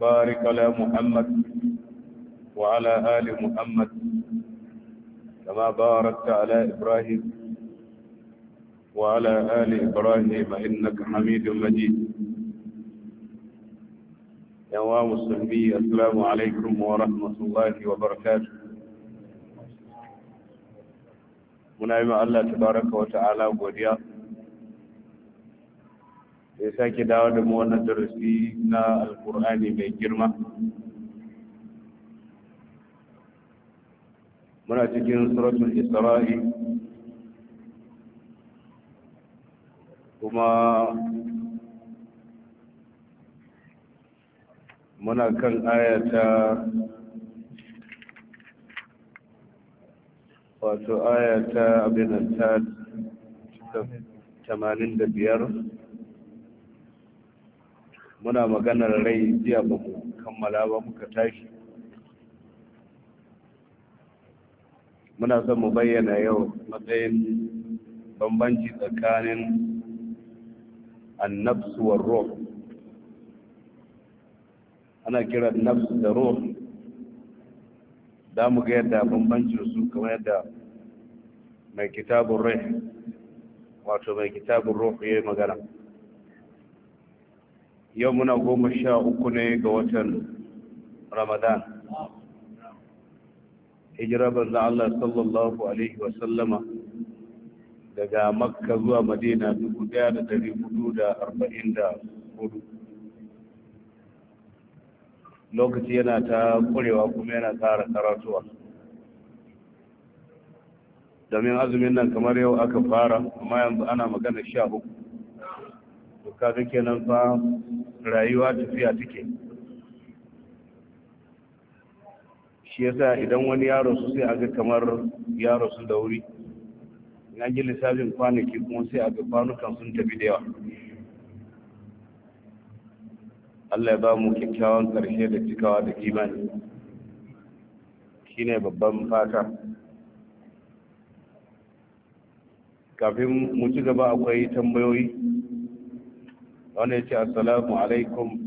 بارك على محمد وعلى آل محمد كما باركت على إبراهيم وعلى آل إبراهيم إنك حميد مجيد يا السلمي السلام عليكم ورحمة الله وبركاته منعم الله تبارك وتعالى wa ya sake dawo da mu wannan darasi na alkur'ani mai girma muna cikin suratul isra'i kuma muna kan ayata wato ayata abin ta 85 muna maganar rai jiya ba mu kammala ba muka tashi muna son mu bayyana yau matsayin bambanci tsakanin annabsu wa ruh ana kiran nafs da ruh da mu ga yadda bambancin su kamar yadda mai kitabun rai wato mai kitabun ruh ya yi magana yau muna goma sha uku ne ga watan ramadan hijira za Allah sallallahu alaihi wasallama daga makka zuwa madina dubu da dari hudu arba'in hudu. lokaci yana ta kurewa kuma yana tsara karatuwa domin azumin nan kamar yau aka fara amma yanzu ana magana sha uku kaga kenan fa rayuwa tafiya take shi yasa idan wani yaro su sai aga kamar yaro su da wuri na ji lissafin kwanaki kuma sai aga kwanukan sun tafi da yawa Allah ya ba mu kyakkyawan karshe da cikawa da kimani shine babban fata kafin mu ci gaba akwai tambayoyi wani ya ce assalamu alaikum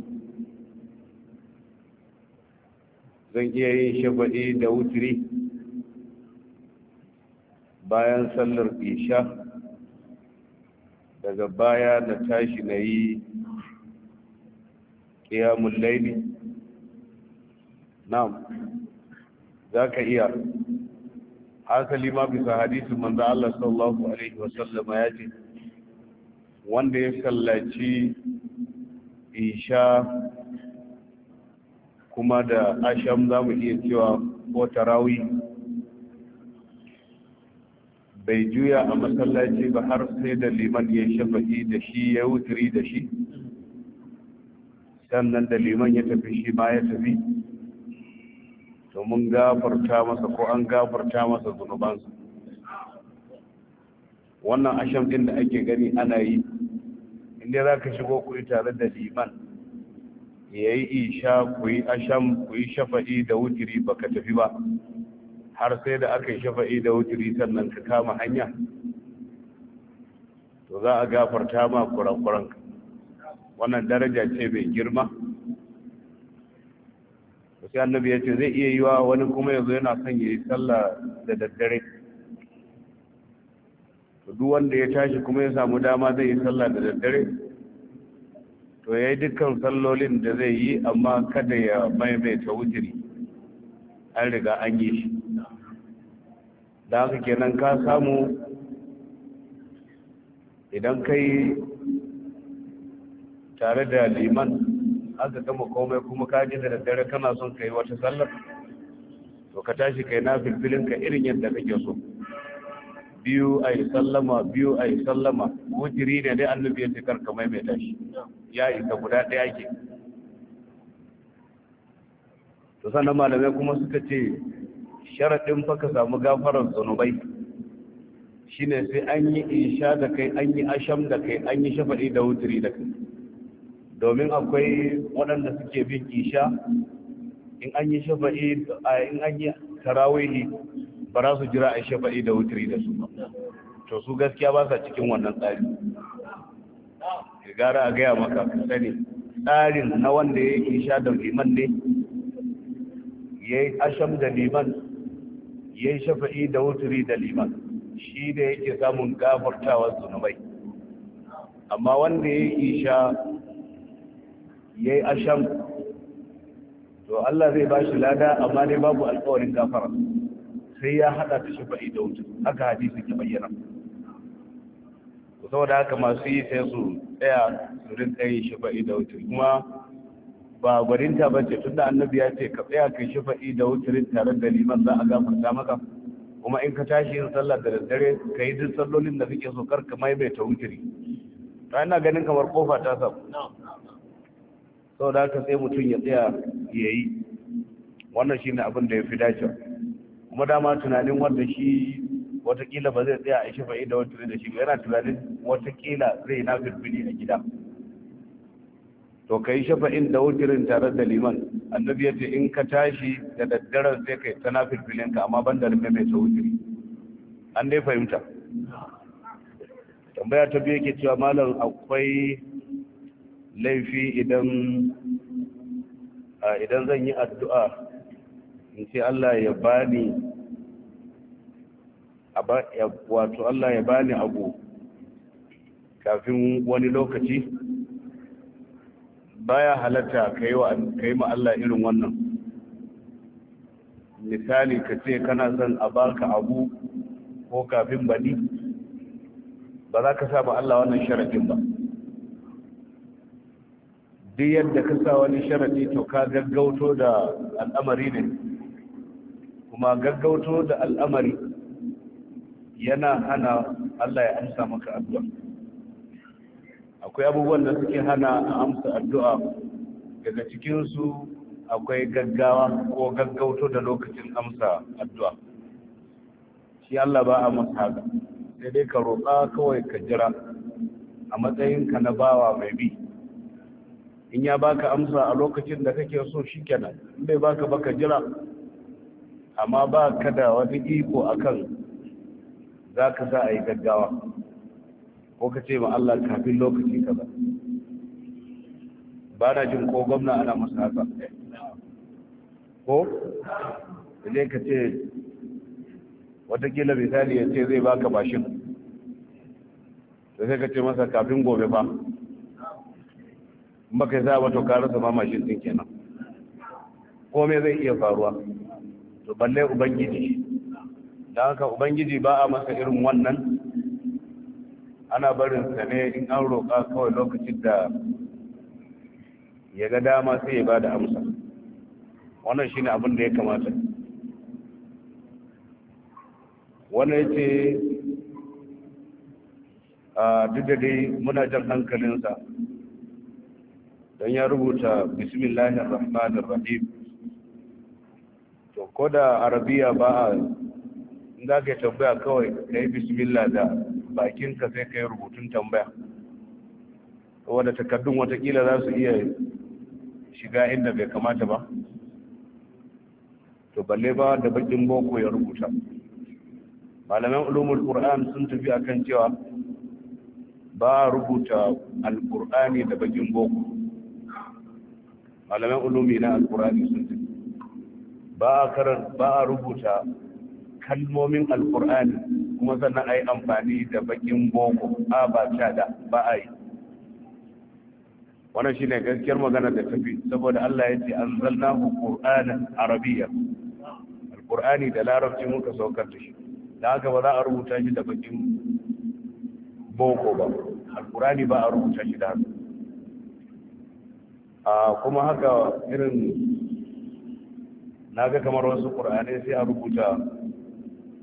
zan iya yin shabaɗi da wutiri bayan sallar isha daga baya na tashi na yi ƙiyamun laili na'am za ka iya hasali ma bisa hadisin manzo Allah sallallahu alaihi wasallama ya ce wanda ya sallaci isha kuma da asham za mu iya cewa ko rawi bai juya a masallaci ba har sai da liman ya shafi da shi ya wuturi da shi sannan da liman ya tafi shi ma ya tafi to mun gafarta masa ko an gafarta masa zunubansa wannan asham din da ake gani ana yi inda za ka shigo ku tare da liman ya yi isha ku yi asham ku yi shafa'i da wutiri ba ka tafi ba har sai da aka yi shafa'i da wutiri sannan ka kama hanya to za a gafarta ma kuran wannan daraja ce mai girma sai annabi ya ce zai iya yiwa wani kuma yanzu yana son ya yi sallah da daddare duk wanda ya tashi kuma ya samu dama zai yi sallah da daddare to ya yi dukkan sallolin da zai yi amma kada ya maimaita wujiri an riga an yi shi da haka kenan ka samu idan ka tare da liman aka gama komai kuma ka ji da daddare kana son ka yi wata sallar to ka tashi kai yi na filfilinka irin yadda kake so biyu a yi sallama biyu a yi sallama wujiri ne dai annabi ya ka karka maimaita shi ya isa guda ɗaya ke to sannan malamai kuma suka ce sharaɗin fa ka samu gafarar zunubai shine sai an yi isha da kai an yi asham da kai an yi shafaɗi da wujiri da kai domin akwai waɗanda suke bin isha in an yi shafaɗi in an yi tarawihi ba za su jira a yi shafa'i da wutiri da su to su gaskiya ba sa cikin wannan tsari ya gara a gaya maka ka sani tsarin na wanda ya yi sha da liman ne ya yi asham da liman ya yi shafa'i da wutiri da liman shi da yake samun gafartawa zunubai amma wanda ya yi sha ya yi asham to Allah zai ba shi lada amma dai babu alkawarin gafara sai ya hada ta ba'i da wuce haka hadisi ke bayyana saboda haka masu yi sai su tsaya su rinka shi ba'i da wuce kuma ba gwaninta ba ce tunda annabi ya ce ka tsaya kai shi ba'i da rin tare da liman za a gafarta maka kuma in ka tashi yin sallah da daddare ka yi duk sallolin da suke so kar ka maimaita wutiri ta ina ganin kamar kofa ta samu saboda haka sai mutum ya tsaya ya yi wannan shine abin da ya fi dacewa kuma dama tunanin wanda shi watakila ba zai tsaya a ishe fa'i da wata da shi ba yana tunanin watakila zai na firfini a gida to ka yi shafa'in da wutirin tare da liman annabi ya ce in ka tashi da daddaren sai kai ta na ka, amma ban da rufe mai ta wutiri an dai fahimta tambaya ta biyu ke cewa malam akwai laifi idan idan zan yi addu'a in ce Allah ya bani wato Allah ya bani abu kafin wani lokaci baya halatta ka yi ma Allah irin wannan misali ka kana son a baka abu ko kafin bani ba za ka saba Allah wannan sharadin ba duk yadda ka sa wani sharaɗi to ka gaggauto da al'amari ne kuma gaggauto da al'amari yana hana Allah ya amsa maka addu'a akwai abubuwan da suke hana a amsa addu'a daga cikinsu akwai gaggawa ko gaggauto da lokacin amsa addu'a shi Allah ba a masa sai dai ka roƙa kawai ka jira a matsayinka na bawa mai bi in ya baka amsa a lokacin da kake so shikenan in bai baka baka jira amma ba ka da wani iko akan za ka za a yi gaggawa ko ka ce ma Allah kafin lokaci ka ba na jin ko gwamna ana masu haka ko zai ka ce watakila misali ya ce zai baka bashin da sai ka ce masa kafin gobe ba baka yi za a wato karasa ma mashin din kenan kome zai iya faruwa to balle ubangiji da haka ubangiji ba a masa irin wannan ana barin sa ne in an roƙa kawai lokacin da ya ga dama sai ya ba da amsa wannan shine abin da ya kamata wannan ya ce duk da dai muna jan hankalinsa don ya rubuta bismillahir rahmanir rahim to ko da arabiya ba a za ka yi tambaya kawai ka yi bismillah da bakinka sai ka yi rubutun tambaya wadda takardun watakila za su iya shiga inda bai kamata ba to balle ba da bakin boko ya rubuta malaman ulumul qur'an sun tafi akan cewa ba rubuta alqur'ani da bakin boko malaman ulumi na alqur'ani sun tafi ba a karan ba a rubuta kalmomin alkur'ani kuma sannan a yi amfani da bakin boko a ba da ba a yi wannan shine gaskiyar magana da tafi saboda Allah ya ce an zalna ku qur'anan arabiyya da larabci muka saukar da shi da haka ba za a rubuta shi da bakin boko ba alkurani ba a rubuta shi da haka kuma haka irin na ga kamar wasu ƙur'ani sai a rubuta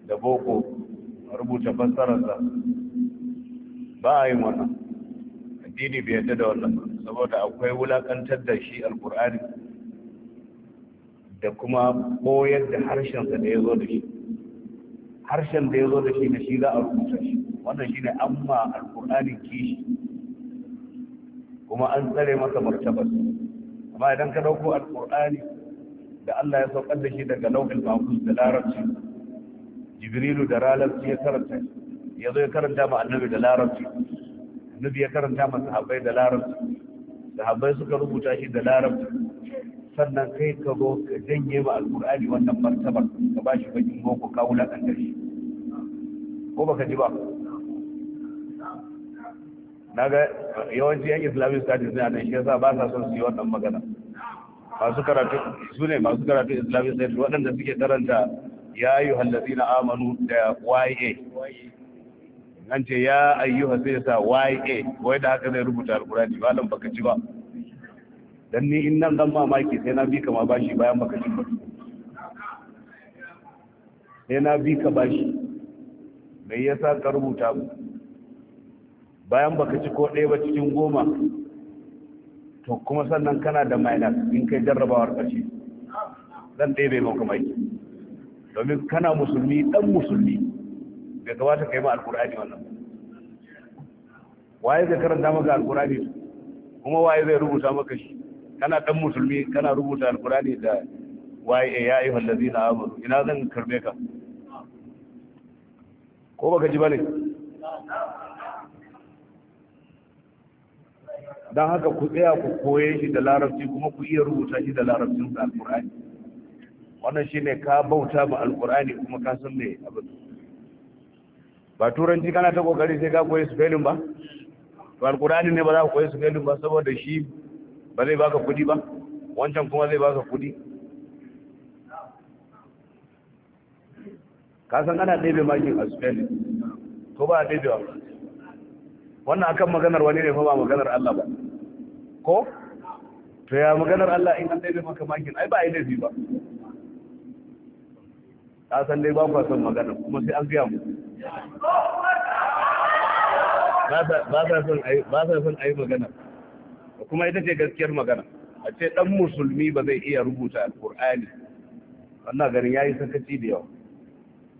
da boko a rubuta fassararsa ba a yi wannan addini bai yadda da wannan saboda akwai wulakantar da shi Al-Ƙur'ani, da kuma koyar da harshensa da ya zo da shi harshen da ya zo da shi da shi za a rubuta shi wannan shi ne amma Al-Ƙur'ani kishi kuma an tsare masa martabar amma idan ka ɗauko Al-Ƙur'ani. da Allah ya saukar da shi daga lauhin mafus da larabci jibrilu da larabci ya karanta ya zo ya karanta ma annabi da larabci annabi ya karanta ma sahabbai da larabci sahabbai suka rubuta shi da larabci sannan kai ka zo ka janye ma alkur'ani wannan martabar ka ba shi bakin boko ka kan shi ko baka ji ba na ga yawanci yan islamic studies ne a nan shi yasa ba sa son su yi wannan magana masu karatu su ne masu karatu islamic studies waɗanda suke karanta ya yi hallazi na amanu da ya an ce ya ayyuha sai sa ya wai da haka zai rubuta alkurani ba nan baka ci ba dan ni in nan zan mamaki sai na bi ka ma bashi bayan baka ci ba sai na bi ka bashi me yasa ka rubuta bayan baka ci ko ɗaya ba cikin goma to kuma sannan kana da minus in kai jarrabawar ƙarshe zan ɗebe maka mai domin kana musulmi ɗan musulmi bai kamata ka yi ma alkur'ani wannan waye zai karanta maka alkur'ani kuma waye zai rubuta maka shi kana ɗan musulmi kana rubuta alkur'ani da waye ya yi wallazi na amuru ina zan karbe ka ko baka ji ba ne don haka ku tsaya ku koye shi da larabci kuma ku iya rubuta shi da larabcin sa alkur'ani wannan shine ka bauta ba alkur'ani kuma ka san me abin ba turanci kana ta kokari sai ka koyi spelling ba to alkur'ani ne ba za ka koyi spelling ba saboda shi ba zai baka kudi ba wancan kuma zai baka kudi ka san ana ɗebe makin a spelling ko ba a ɗebewa wannan akan maganar wani ne fa ba maganar Allah ba ko to ya maganar Allah in an daidai maka makin ai ba a yi laifi ba ta san dai ba kwa son maganar kuma sai an gaya mu ba sa son a yi maganar kuma ita ce gaskiyar magana a ce dan musulmi ba zai iya rubuta alkur'ani wannan garin ya yi sakaci da yawa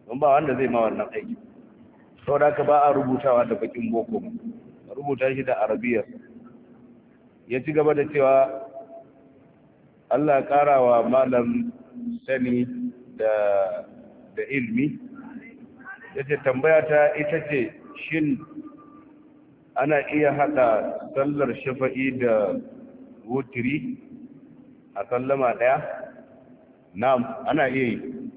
don ba wanda zai ma wannan aiki sau da ka ba a rubutawa da bakin boko rubuta shi da arabiyar ya ci gaba da cewa Allah karawa malam sani da da ilmi yace tambaya ta ita ce shin ana iya hada sallar shafa'i da wutiri a sallama daya na'am ana iya yi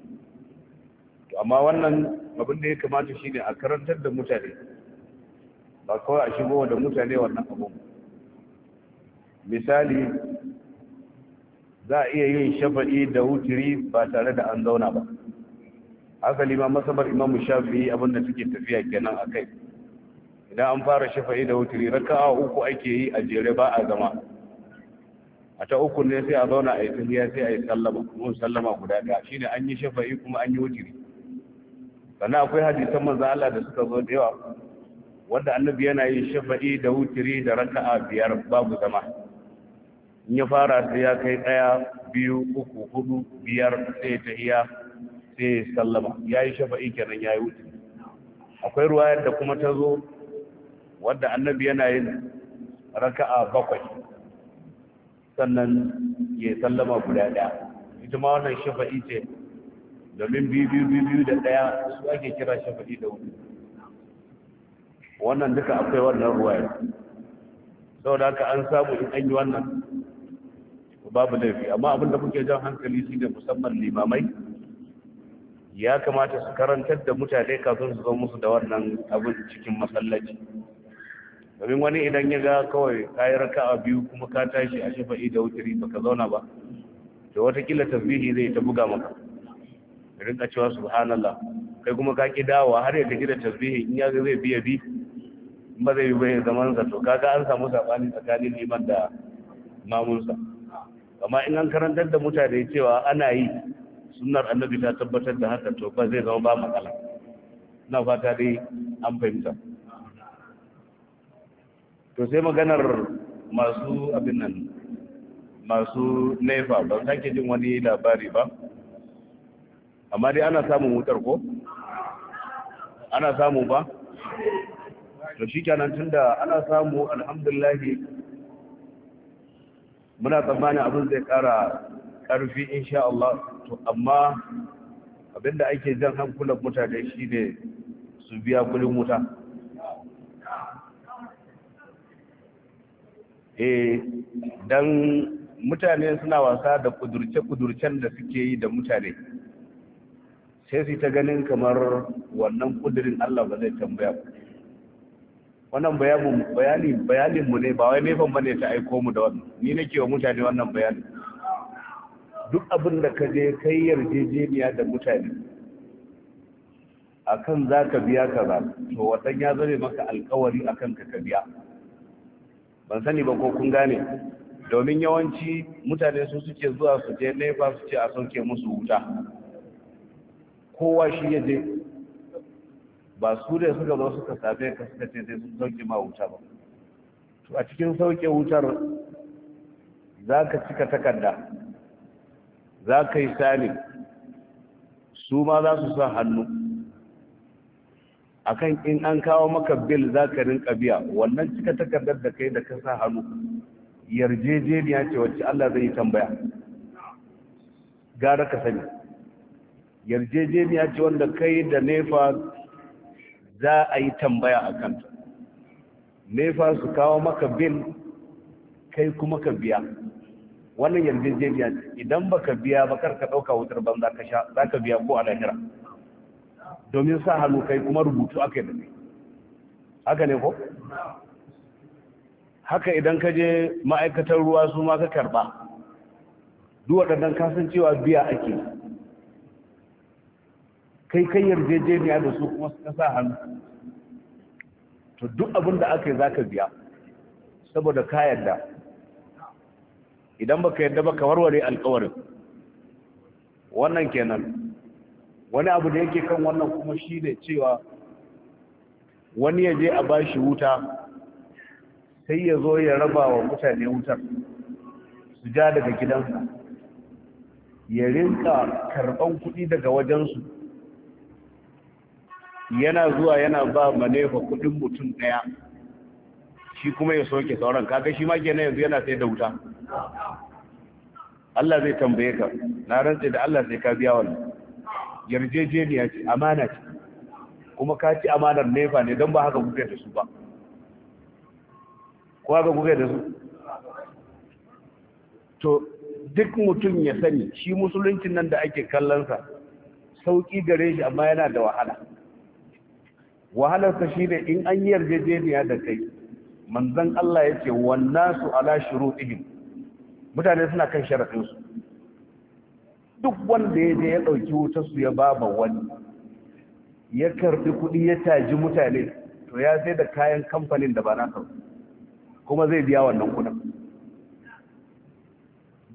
amma wannan abin da ya kamata shine a karantar da mutane ba kawai a shigo da mutane wannan abubuwa misali za a iya yin shafa'i da wutiri ba tare da an zauna ba haka liman masabar imamu shafi'i abinda suke tafiya kenan a kai idan an fara shafa'i da wutiri raka'a uku ake yi a jere ba a zama a ta uku ne sai a zauna a yi tafiya sai a yi sallama mun sallama guda ɗaya shine an yi shafa'i kuma an yi wutiri sannan akwai hadisan manzo Allah da suka zo da yawa wanda annabi yana yin shafa'i da wutiri da raka'a biyar babu zama ya fara sai ya kai ɗaya biyu uku hudu biyar sai ta iya sai sallama ya yi shafa'i kenan ya yi wuce akwai ruwayar da kuma ta zo wadda annabi yana yin raka'a bakwai sannan ya sallama guda ɗaya ita ma wannan shafa'i ce domin biyu biyu biyu da ɗaya su ake kira shafa'i da wuce wannan duka akwai wannan ruwayar saboda haka an samu in an yi wannan babu laifi amma abin da muke jan hankali shi ne musamman limamai ya kamata su karantar da mutane kafin su zo musu da wannan abin cikin masallaci domin wani idan ya ga kawai kayi a biyu kuma ka tashi a shafa da wutiri baka zauna ba to watakila tasbihi zai ta buga maka rinka cewa subhanallah kai kuma ka ki dawa har ya gaji da tasbihi in ya ga zai biya bi ba zai bi bai zaman sa to kaga an samu sabani tsakanin liman da mamunsa amma in an karantar da mutane cewa ana yi sunnar annabi ta tabbatar da haka to ba zai zama ba matsala na fata dai an fahimta to sai maganar masu abin nan masu nefa ban sake jin wani labari ba amma dai ana samun wutar ko ana samu ba to shi kenan tunda ana samu alhamdulillahi muna tsammanin abin zai ƙara ƙarfi insha Allah to amma abinda ake jan hankulan mutane shi ne su biya kudin wuta eh dan mutane suna wasa da kudurce-kudurcen da suke yi da mutane sai su ta ganin kamar wannan kudurin Allah ba zai tambaya ba. wannan bayani bayanin mu ne ba wai nefan bane ta aiko mu da wannan ni nake wa mutane wannan bayani duk abin da ka je kai yarjejeniya da mutane akan za ka biya kaza to watan ya zame maka alkawari akan ka ka biya ban sani ba ko kun gane domin yawanci mutane su suke zuwa su je nefa su ce a sauke musu wuta kowa shi ya je ba su da suka zo suka same ka suka ce zai sun sauke ma wuta ba to a cikin sauke wutar za ka cika takarda za ka yi sani su ma za su sa hannu akan in an kawo maka bil za ka rinka biya wannan cika takardar da kai da ka sa hannu yarjejeniya ce wacce Allah zai yi tambaya gara ka sani yarjejeniya ce wanda kai da nefa za a yi tambaya a kanta fa su kawo maka bil kai kuma ka biya wannan yarjejeniya ce idan baka biya ba kar ka ɗauka wutar ban za ka sha za ka biya ko a lahira domin sa hannu kai kuma rubutu aka yi da ne haka ne ko haka idan ka je ma'aikatar ruwa su ma ka karba. Duwa waɗannan kasancewa biya ake kai kai yarjejeniya da su kuma suka sa hannu to duk abin da aka yi za ka biya saboda ka yarda idan baka yarda ba warware alkawarin wannan kenan wani abu da yake kan wannan kuma shi ne cewa wani ya je a ba shi wuta sai ya zo ya raba wa mutane wutar su ja daga gidansa ya rinka karban kuɗi daga wajensu yana zuwa yana ba manefa kudin mutum daya shi kuma ya soke sauran kaga shi ma kenan yanzu yana sai da wuta Allah zai tambaye ka na rantsa da Allah sai ka biya wannan yarjejeniya ce amana ce kuma ka ci amanar nefa ne don ba haka kuke da su ba ko haka kuke da su to duk mutum ya sani shi musuluncin nan da ake kallonsa sauƙi gare shi amma yana da wahala wahalarsa shi ne in an yi yarjejeniya da kai manzan Allah ya ce wannasu ala shuruɗihim mutane suna kan su duk wanda ya je ya ɗauki wutarsu ya ba ma wani ya karɓi kuɗi ya taji mutane to ya sai da kayan kamfanin da ba na kuma zai biya wannan kuɗin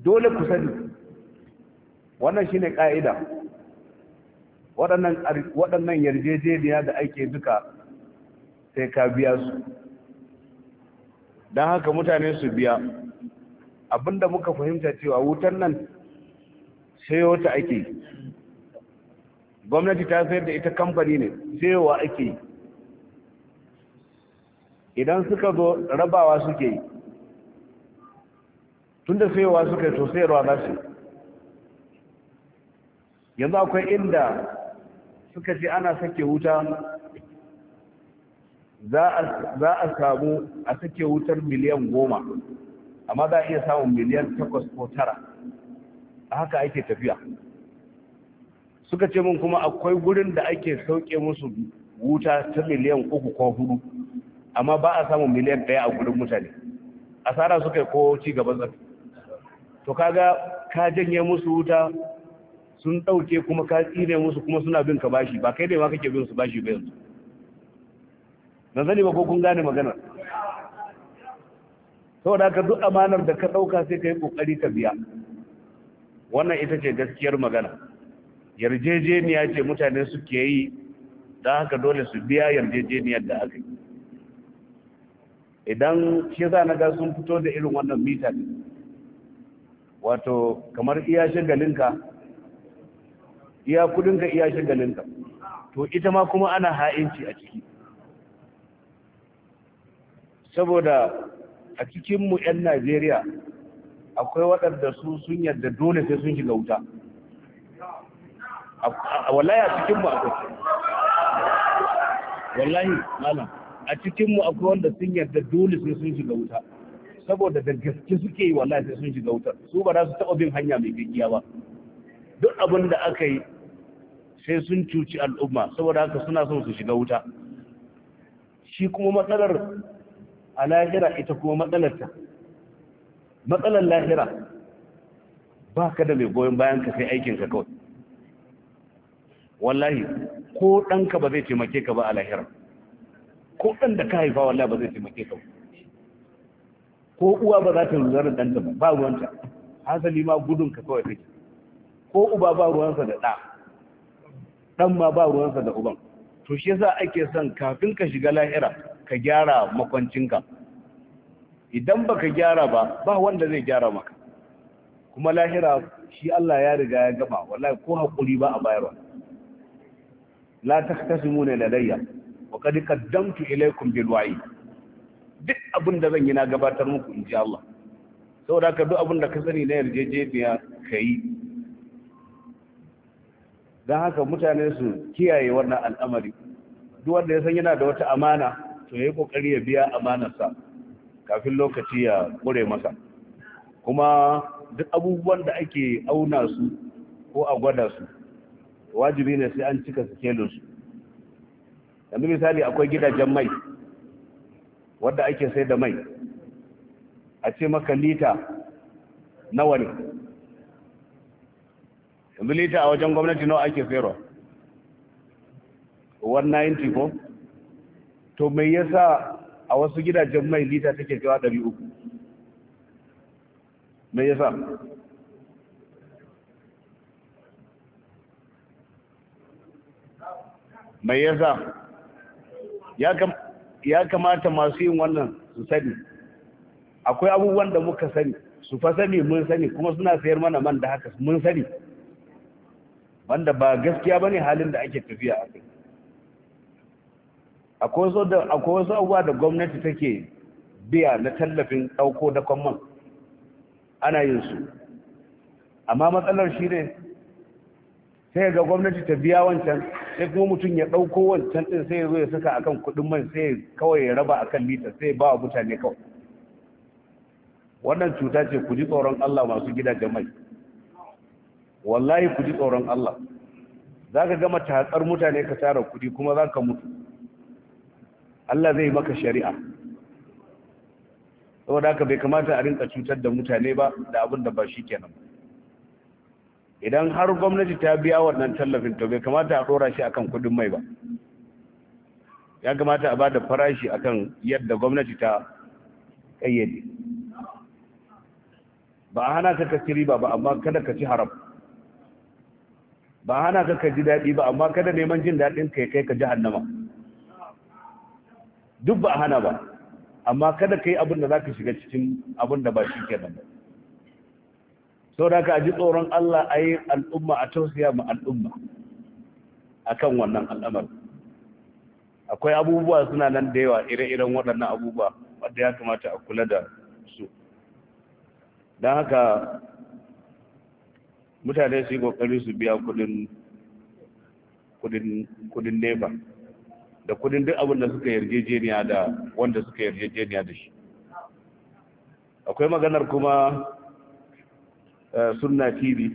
dole ku sani wannan shine ƙa'ida waɗannan yarjejeniya da ake duka sai ka biya su don haka mutane su biya abinda muka fahimta cewa wutar nan sai ta ake gwamnati ta sayar da ita kamfani ne wa ake idan suka zo rabawa suke yi tun da suka yi to sayarwa za su yanzu akwai inda suka ce ana sake wuta za a samu a sake wutar miliyan goma amma za a iya samun miliyan takwas ko tara a haka ake tafiya suka ce min kuma akwai gurin da ake sauke musu wuta ta miliyan uku ko hudu amma ba a samun miliyan daya a gurin mutane asara suka yi ko ci gaban zafi to kaga ka janye musu wuta sun ɗauke kuma ka tsire musu kuma suna bin ka bashi ba kai ne ma kake bin su bashi ba yanzu na zane ba ko kun gane maganar da ka duk amanar da ka ɗauka sai ka yi ƙoƙari ka biya wannan ita ce gaskiyar magana yarjejeniya ce mutane suke yi don haka dole su biya yarjejeniyar da aka yi idan shi za na ga sun fito da irin wannan mita wato kamar iya shagalinka iya ka iya shagalinka to ita ma kuma ana ha'inci a ciki saboda a cikinmu 'yan najeriya akwai waɗanda su sun yadda dole sai sun shiga wuta wallahi a cikinmu akwai wallahi malam a cikinmu akwai wanda sun yadda dole sai sun shiga wuta saboda da gaske suke yi wallahi sai sun shiga wuta. su ba za su taɓa bin hanya mai gaggiya ba duk abin da aka yi sai sun cuci al'umma saboda haka suna son su shiga wuta shi kuma matsalar a lahira ita kuma matsalarta matsalar lahira ba ka da mai goyon bayan ka sai aikinka kawai wallahi ko ɗanka ba zai taimake ka ba a lahira ko ɗan da ka haifa wallahi ba zai taimake ka ko uwa ba za ta lura da ɗanta ba ba hasali ma gudun ka kawai take ko uba ba ruwansa da ɗa ɗan ma ba ruwansa da uban to shi yasa ake son kafin ka shiga lahira ka gyara makwancinka idan baka gyara ba ba wanda zai gyara maka kuma lahira shi Allah ya riga ya gama wallahi ko hakuri ba a bayarwa la taktasimuna ladayya wa qad qaddamtu ilaykum bil wa'i duk abin da zan yi na gabatar muku inji Allah saboda ka duk abin da ka sani na yarjejeniya kai don haka mutane su kiyaye wannan al'amari duk wanda ya san yana da wata amana to ya yi kokari ya biya amanarsa kafin lokaci ya kure masa kuma duk abubuwan da ake auna su ko a gwada su wajibi ne sai an cika su yanzu misali akwai gidajen mai wadda ake sai da mai a ce maka lita nawa ne yanzu lita a wajen gwamnati nawa ake sayarwa 190 ko to mai yasa a wasu gidajen mai lita take kaiwa 300 mai yasa mai yasa ya kamata masu yin wannan su sani akwai abubuwan da muka sani su fa sani mun sani kuma suna sayar mana man da haka mun sani wanda ba gaskiya ba ne halin da ake tafiya a kai akwai wasu abuwa da gwamnati take biya na tallafin ɗauko da kwamman ana yin su amma matsalar shi ne sai ga gwamnati ta biya wancan sai kuma mutum ya ɗauko wancan ɗin sai ya ya saka akan kuɗin man sai kawai ya raba akan lita sai ba wa mutane kawai wannan cuta ce ku ji tsoron Allah masu gidajen mai wallahi ku ji tsoron Allah za ka gama tatsar mutane ka tara kudi kuma za ka mutu Allah zai maka shari'a saboda haka bai kamata a rinka cutar da mutane ba da abin da ba shi kenan idan har gwamnati ta biya wannan tallafin to bai kamata a dora shi akan kudin mai ba ya kamata a bada farashi akan yadda gwamnati ta kayyade ba a hana ka kasiri ba ba amma kada ka ci haram ba hana ka ka ji daɗi ba amma kada neman jin daɗin ka kai ka jahannama duk ba hana ba amma kada ka abin da za ka shiga cikin abin da ba shi ke nan ba sau da ka ji tsoron Allah a yi al'umma a tausaya ma al'umma a kan wannan al'amar akwai abubuwa suna nan da yawa ire-iren waɗannan abubuwa wadda ya kamata a kula da su don haka mutane su yi kokari su biya kudin kudin kudin nefa da kudin duk abin da suka yarjejeniya da wanda suka yarjejeniya da shi akwai maganar kuma eh, sunna tv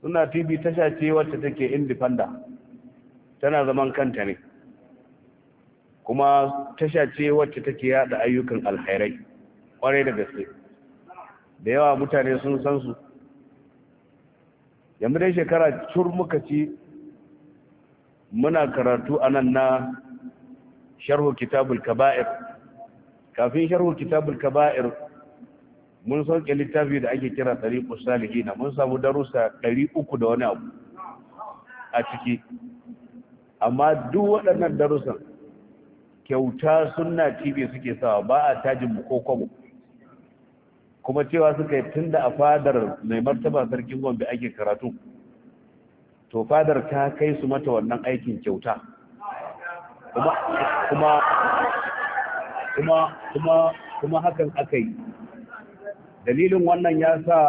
sunna tv ta shace wacce take indifanda tana zaman kanta ne kuma ta shace wacce take yada ayyukan alkhairai kwarai da gaske da yawa mutane sun san su yanzu dai shekara cur muka ci muna karatu anan na sharhu kitabul kaba'ir kafin sharhu kitabul kaba'ir mun sauke littafi da ake kira tariqus salihin mun samu darussa 300 da wani abu a ciki amma duk waɗannan darussan kyauta sunna tv suke sawa ba a tajin mu ko kwabo kuma cewa suka yi tun da a fadar mai martaba sarkin gombe ake karatu to fadar ta kai su mata wannan aikin kyauta kuma kuma hakan aka yi dalilin wannan ya sa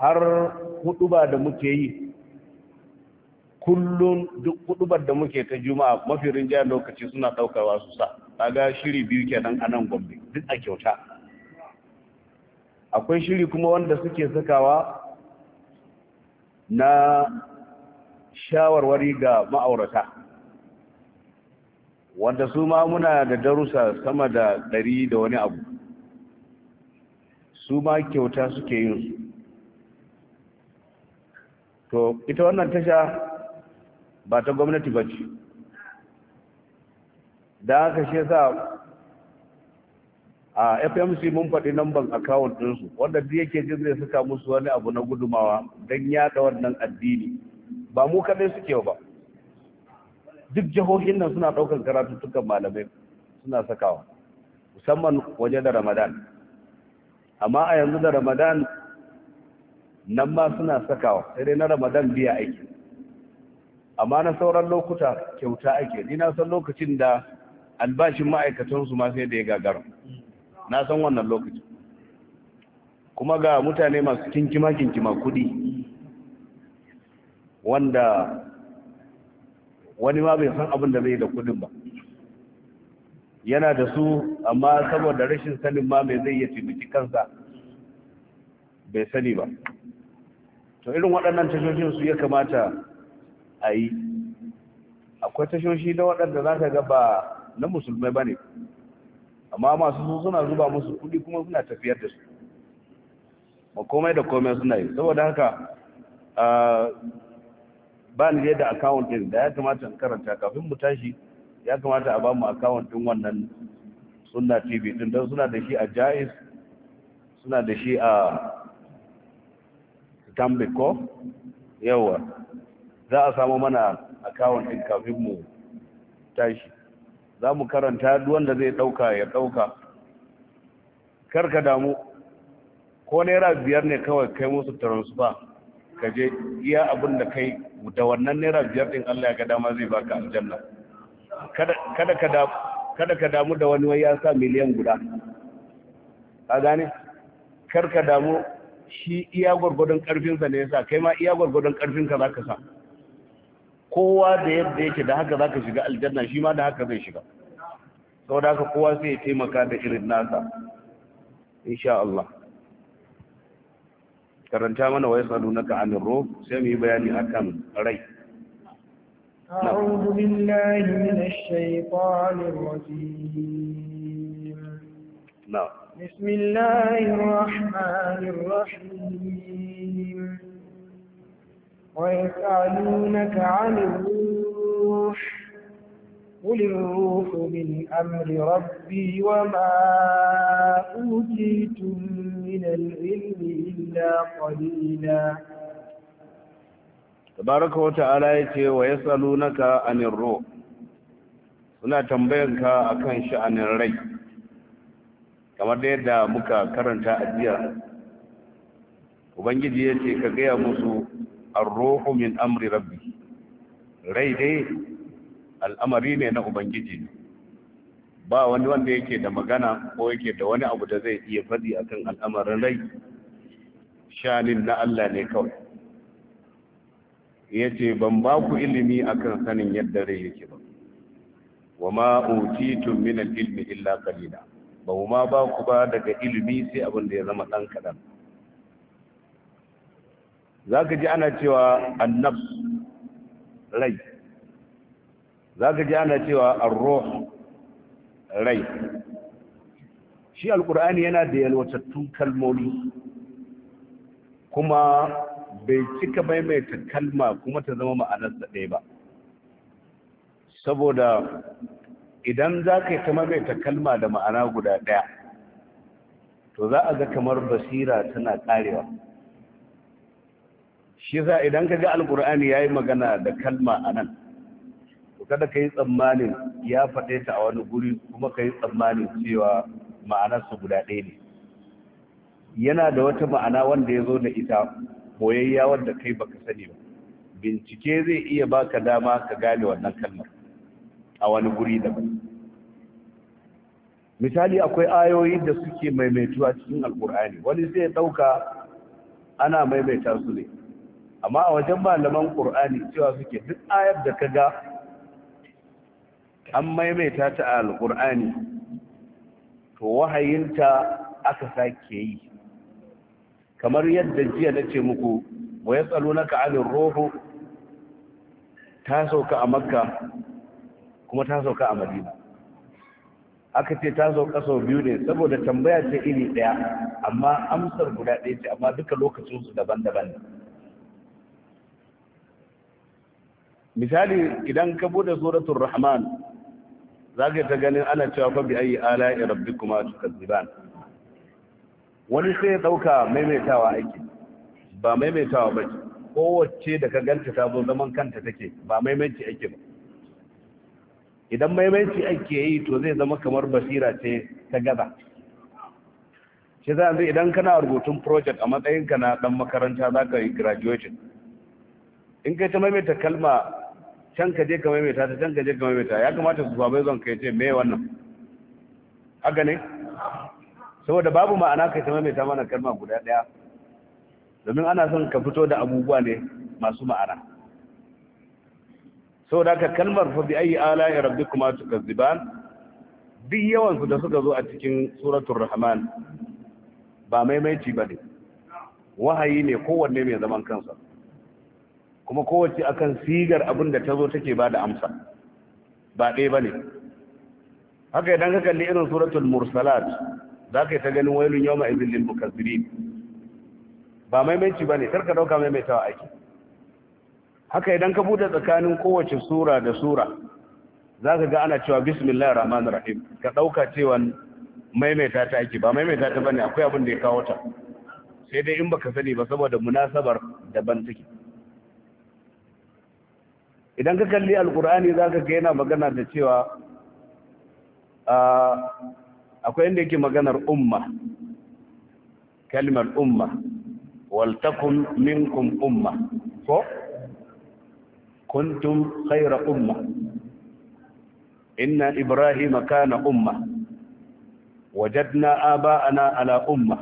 har hudu ba da muke yi kullum duk kudubar da muke ta juma'a mafi rinjayen lokaci suna daukarwa su sa kaga shiri biyu kenan a nan gombe duk a kyauta akwai shiri kuma wanda suke sakawa na shawarwari ga ma'aurata wanda su ma muna da darusa sama da ɗari da wani abu su ma kyauta suke yin su to ita wannan tasha ba ta gwamnati ba ce da aka shi sa a fmc mun faɗi namban akawun ɗinsu wanda duk yake jin zai suka musu wani abu na gudumawa don yada wannan addini ba mu kaɗai suke ba duk jihohin nan suna ɗaukar karatuttukan malamai suna sakawa musamman waje da ramadan amma a yanzu da ramadan nan ma suna sakawa sai dai na ramadan biya aiki amma na sauran lokuta kyauta ake ni na san lokacin da albashin ma'aikatansu ma sai da ya gagara na san wannan lokacin kuma ga mutane masu kinkima kinkima kudi wanda wani ma bai san abin da zai da kudin ba yana da su amma saboda rashin sanin ma mai zai ya taimaki kansa bai sani ba to irin waɗannan tashoshin su ya kamata a yi akwai tashoshi na waɗanda za ka gaba na musulmai ba ne amma masu su suna zuba musu kuɗi kuma suna tafiyar da su ma komai da komai suna yi saboda haka ba ni da akawun ɗin da ya kamata in karanta kafin mu tashi ya kamata a ba mu akawun ɗin wannan suna tv ɗin don suna da shi a jais suna da shi a tambiko yawa za a samu mana akawun ɗin kafin mu tashi za mu karanta wanda zai ɗauka ya ɗauka karka damu ko naira biyar ne kawai kai musu transfer ka je iya abin da kai da wannan naira biyar ɗin allah ya ga dama zai baka aljanna kada ka damu da wani wai ya sa miliyan guda ka gane karka damu shi iya gwargwadon karfinsa ne ya sa kai ma iya gwargwadon karfinka za ka sa kowa da yadda yake da haka za ka shiga aljanna shi ma da haka zai shiga da haka kowa sai ya taimaka da irin nasa insha Allah karanta mana wai wa yasalunaka anir ruh sai mu yi bayani akan rai أعوذ بالله من الشيطان الرجيم نعم بسم الله الرحمن الرحيم ويسألونك عن الروح قل الروح من أمر ربي وما أوتيتم من العلم إلا قليلا تبارك وتعالى ويسألونك عن الروح suna tambayanka akan sha'anin rai kamar da yadda muka karanta a jiya ubangiji ya ce ka gaya musu ar-ruhu min amri rabbi rai dai al'amari ne na ubangiji ba wani wanda yake da magana ko yake da wani abu da zai iya faɗi akan al'amarin rai shanin na Allah ne kawai ya ce ban ba ku ilimi akan sanin yadda rai yake ba Wama ma'utitun min al-ilmi illa qalila ba ma ba ku ba daga ilimi sai abin da ya zama ɗan kaɗan za ka ji ana cewa annab rai za ka ji ana cewa arroh rai shi alkur'ani yana da yalwatattun kalmomi kuma bai cika maimaita kalma kuma ta zama ma'anarsa ɗaya ba saboda idan za ka yi ta maimaita kalma da ma'ana guda ɗaya to za a ga kamar basira tana ƙarewa shi idan ka ga alkur'ani ya yi magana da kalma a nan kada ka yi tsammanin ya faɗe ta a wani guri kuma ka yi tsammanin cewa ma'anarsa guda ɗaya ne yana da wata ma'ana wanda ya zo da ita boyayya wanda kai baka sani ba bincike zai iya baka dama ka gane wannan kalmar a wani guri daban misali akwai ayoyi da suke maimaituwa cikin alkur'ani wani zai ɗauka ana maimaita su ne amma a wajen malaman ƙur'ani cewa suke duk ayar da ka ga an maimaita ta a alƙur'ani to wahayinta aka sake yi kamar yadda jiya na ce muku waya ya tsalo na ka'anin roho ta sauka a makka kuma ta sauka a madina aka ce ta sauka sau biyu ne saboda tambaya ce iri ɗaya amma amsar guda ɗaya ce amma duka lokacinsu daban-daban misali idan ka bude suratul rahman zaka ta ganin ana cewa fa bi ayi ala'i rabbikuma tukazziban wani sai ya dauka maimaitawa aiki, ba maimaitawa ba kowace da ka ganta ta zo zaman kanta take ba maimaiti ake ba idan maimaiti ake yi to zai zama kamar basira ce ta gaza shi za yanzu idan kana rubutun project a matsayinka na dan makaranta za ka yi graduation in kai ta maimaita kalma can ka je ka maimaita ta can ka je ka maimaita ya kamata su babai zon kai ce me wannan haka ne saboda babu ma'ana kai ta maimaita mana kalma guda daya domin ana son ka fito da abubuwa ne masu ma'ana saboda ka kalmar fa bi ayi ala rabbi kuma tukazziban duk yawan su da suka zo a cikin suratun rahman ba maimaici ba ne wahayi ne kowanne mai zaman kansa kuma kowace akan sigar abin da ta zo take ba da amsa ba ɗaya ba ne haka idan ka kalli irin suratul mursalat za ka yi ta ganin wailun yau ma izin lilmukazzirin ba maimaci ba ne karka ɗauka maimaitawa aiki haka idan ka buɗe tsakanin kowace sura da sura za ka ga ana cewa bismillah rahman rahim ka ɗauka cewa maimaita ta aiki ba maimaita ta ne, akwai abin da ya kawo ta sai dai in baka sani ba saboda munasabar daban take idan ka kalli alkur'ani za ka ga yana magana da cewa akwai inda yake maganar umma kalmar umma waltakun minkum umma ko kuntum khaira umma inna ibrahim kana umma wajadna aba'ana ala umma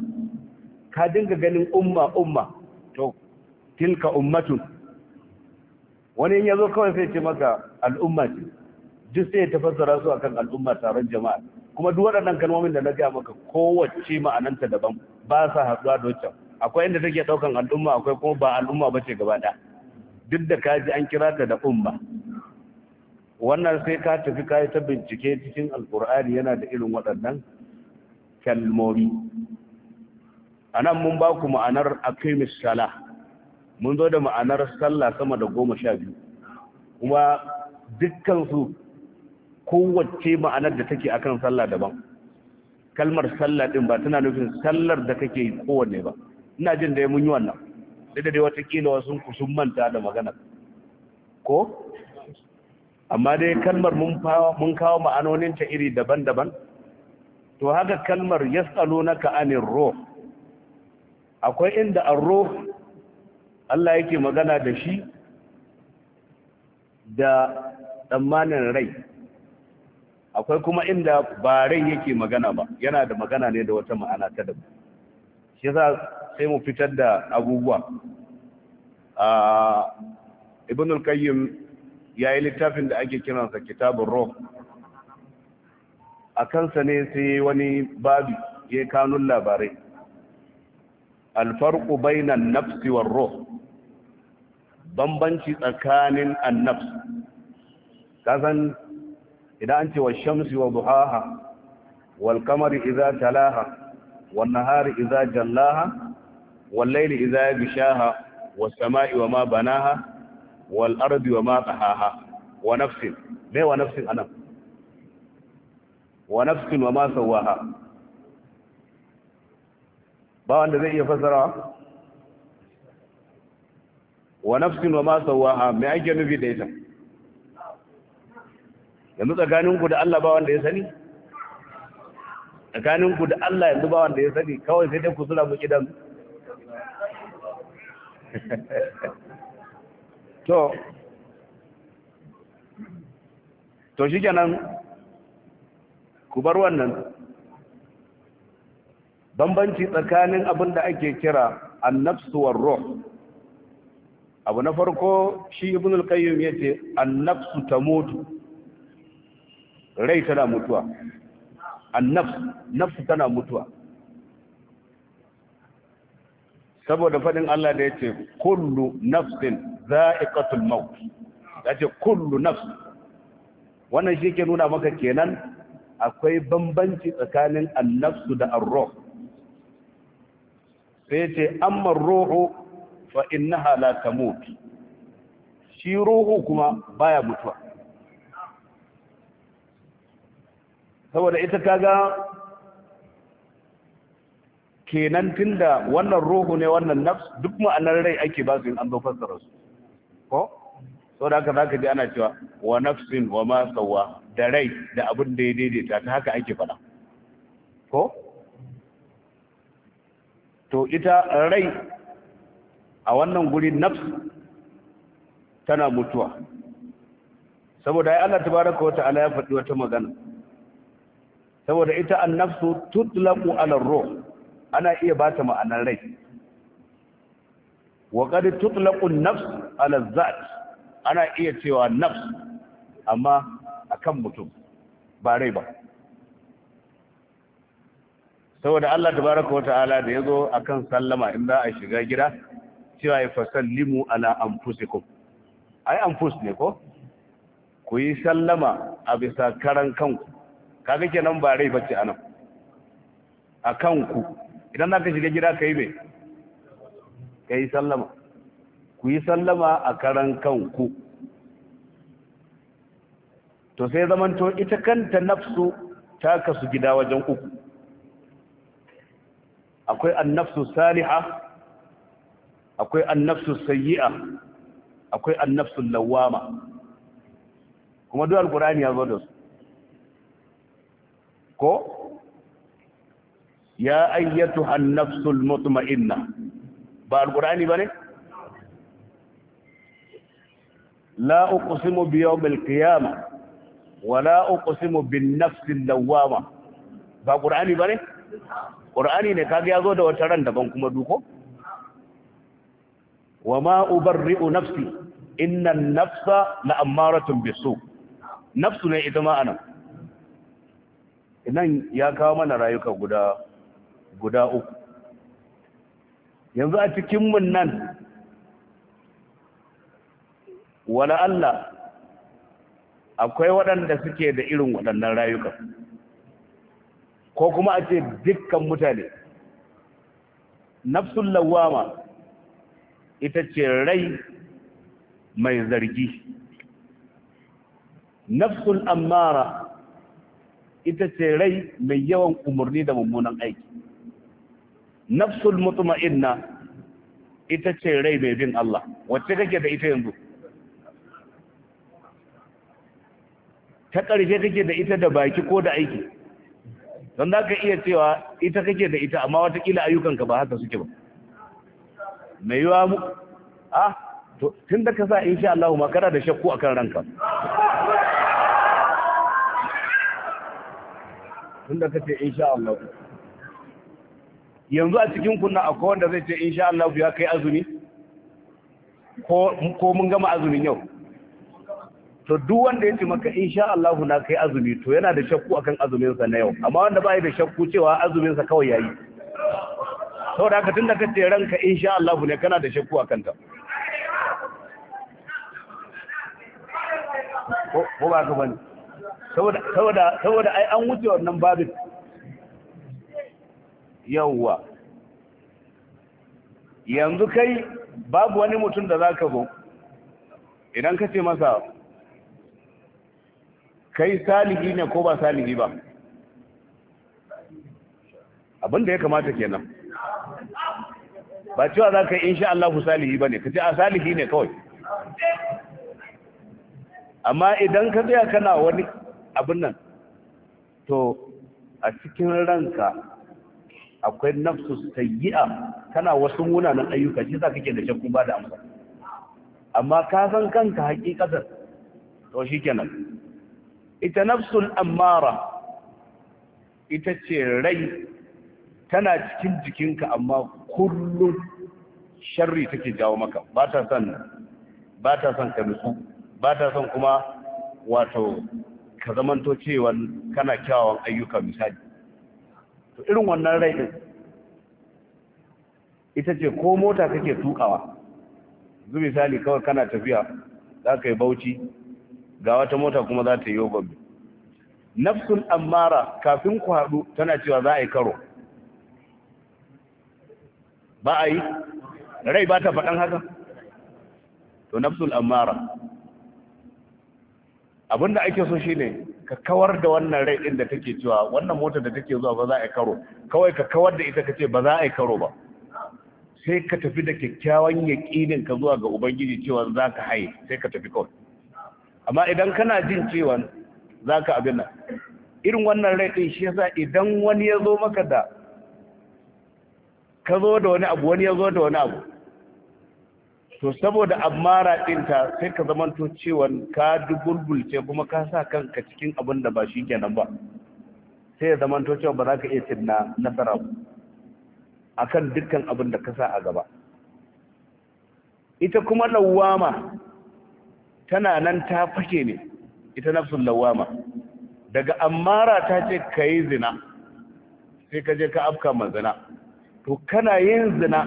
ka dinga ganin umma umma to tilka ummatun wani ya zo kawai sai ce maka al'umma ce duk sai ya tafassara su akan al'umma taron jama'a kuma duk waɗannan kalmomin da na gaya maka kowace ma'ananta daban ba sa haɗuwa da wancan akwai inda take ɗaukan al'umma akwai kuma ba al'umma ba ce gaba ɗaya duk da kaji an kira ta da umma wannan sai ka tafi kayi ta bincike cikin alkur'ani yana da irin waɗannan kalmomi a nan mun ba ku ma'anar akimis misala mun zo da ma'anar sallah sama da goma sha biyu kuma dukkansu kowace ma'anar da take akan sallah daban kalmar sallah din ba tana nufin sallar da kake kowanne ba ina jin da mun yi wannan da dai watakila wasu ku sun manta da magana ko amma dai kalmar mun kawo ta iri daban-daban to haka kalmar yas'alunaka anir ruh akwai inda ar-ruh Allah yake magana da shi da tsammanin rai akwai kuma inda ba rai yake magana ba yana da magana ne da wata ma'ana ta da shi za sai mu fitar da abubuwa a ibn al-qayyim yi littafin da ake kiransa kitabur ruh a kansa ne sai wani babu ya kanun labarai alfarqu bainan nafsi war ruh bambanci tsakanin annafs kazan idan an ce wa shamsi wa duhaha wal kamari iza talaha wan nahari iza jallaha wal Laili iza gishaha was sama'i wa ma banaha wal ardi wa ma tahaha wa nafsin me wa nafsin anan wa nafsin wa ma sawaha ba wanda zai iya fasara wa nafsin wa ma sawaha mai ake nufi da ita yanzu tsakaninku da Allah ba wanda ya sani tsakaninku da Allah yanzu ba wanda ya sani kawai sai dai ku suna mu kidan to to shikenan ku bar wannan bambanci tsakanin abin da ake kira annafsu war ruh abu na farko shi ibn al-qayyim yace an-nafsu tamutu rai tana mutuwa an-nafs nafsu tana mutuwa saboda fadin Allah da yace kullu nafsin za'iqatul maut yace kullu nafs wannan shi ke nuna maka kenan akwai bambanci tsakanin an-nafsu da ar-ruh sai yace amma ar-ruhu fa innaha la tamut shi ruhu kuma baya mutuwa saboda ita kaga kenan tunda wannan ruhu ne wannan nafs duk ma'anar rai ake ba su an zo fassara su ko saboda haka zaka ji ana cewa wa nafsin wa ma sawwa da rai da abin da ya daidaita ta haka ake faɗa ko to ita rai a wannan guri nafs tana mutuwa saboda ya Allah tabaraka wa ta'ala ya faɗi wata magana saboda ita annafsu tutlaqu ala ruh ana iya ba ta ma'anar rai wa qad tutlaqu an-nafs ala zat ana iya cewa nafs amma akan mutum ba rai ba saboda Allah tabaraka wa ta'ala da yazo akan sallama in za a shiga gida cewa ya limu ala anfusikum ai anfus ne ko ku yi sallama a bisa karan kanku kaga nan ba rai bace anan a kanku idan na ka shiga gida ka yi mai ka yi sallama ku yi sallama a karan kanku to sai zamanto ita kanta nafsu ta kasu gida wajen uku akwai annafsu saliha akwai annafsu sayyi'a akwai annafsu lawama kuma duk alkurani ya zo da su ko ya ayyatu annafsu mutma'inna ba alkurani bane la uqsimu bi yawmil qiyamah wa la uqsimu bin nafsil lawama ba qur'ani bane qur'ani ne ya zo da wata ran daban kuma duko wa ma ubarri'u nafsi innan nafsa la'ammaratun bisu nafsu ne ita ma nan ya kawo mana rayuka guda guda uku yanzu a cikinmu nan wala Allah akwai waɗanda suke da irin waɗannan rayuka ko kuma a ce dukkan mutane nafsun lawama ita ce rai mai zargi nafsul amara ita ce rai mai yawan umarni da mummunan aiki nafsul mutma'inna ita ce rai mai bin Allah wacce kake da ita yanzu ta ƙarshe kake da ita da baki ko da aiki don za ka iya cewa ita kake da ita amma watakila ayyukanka ba haka suke ba mai yiwa mu ah to tun da ka sa insha Allah ma da shakku akan ranka tun da ka ce insha Allah yanzu a cikin kunna akwai wanda zai ce insha Allah ya kai azumi ko ko mun gama azumin yau to duk wanda ya ce maka insha Allah na kai azumi to yana da shakku akan azumin sa na yau amma wanda bai da shakku cewa azumin sa kawai yayi saboda haka tun da kace ranka insha Allah ne kana da shakku a kanta ko ba ka bani saboda ai an wuce wannan babin yawwa yanzu kai babu wani mutum da za ka zo idan ka ce masa kai salihi ne ko ba salihi ba abin da ya kamata kenan ba cewa za ka yi insha Allah salihi ba ne ka ce a salihi ne kawai amma idan ka saya kana wani abin nan to a cikin ranka akwai nafsu a kana wasu munanan ayyuka shi za ke da shakku ba da amsa amma ka san kanka hakikatar to shi kenan. ita nafsun amara. ita ce rai tana cikin jikinka amma kullum sharri take jawo maka ba ta son ba ta son ka nutsu ba ta son kuma wato ka zamanto cewa kana kyawawan ayyuka misali to irin wannan rai din ita ce ko mota kake tukawa zu misali kawai kana tafiya za ka yi bauchi ga wata mota kuma za ta yi yobon nafsun amara kafin ku haɗu tana cewa za a yi karo ba a yi rai ba ta faɗan haka to nafsul amara abinda ake so shine ka kawar da wannan rai din da take cewa wannan mota da take zuwa ba za a yi karo kawai ka kawar da ita ka ce ba za a yi karo ba sai ka tafi da kyakkyawan yaƙinin ka zuwa ga ubangiji cewa za ka haye sai ka tafi kawai amma idan kana jin cewa za ka abin nan irin wannan rai din shi yasa idan wani ya zo maka da ka zo da wani abu wani ya zo da wani abu to saboda amara ɗinta sai ka to ciwon ka dubulbulce kuma ka sa kanka cikin abin da ba shi kenan ba sai ya to cewa ba za ka iya cin na nasara a kan dukkan abin da ka sa a gaba ita kuma lawama tana nan ta fake ne ita nafsun lawama daga amara ta ce ka yi zina sai ka je ka afka manzana to kana yin zina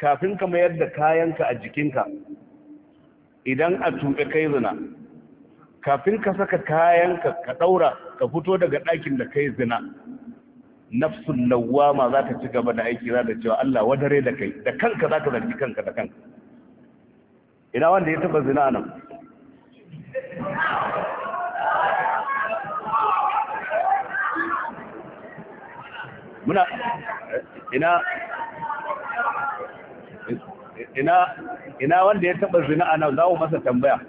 kafin ka mayar da kayanka a jikinka idan a tuɓe kai zina kafin ka saka kayanka ka ɗaura ka fito daga ɗakin da kai zina nafsun lawama za ta ci gaba da aiki za da cewa Allah wadare da kai da kanka za ka zargi kanka da kanka ina wanda ya taba zina nan muna ina ina ina wanda ya taba zina ana za mu masa tambaya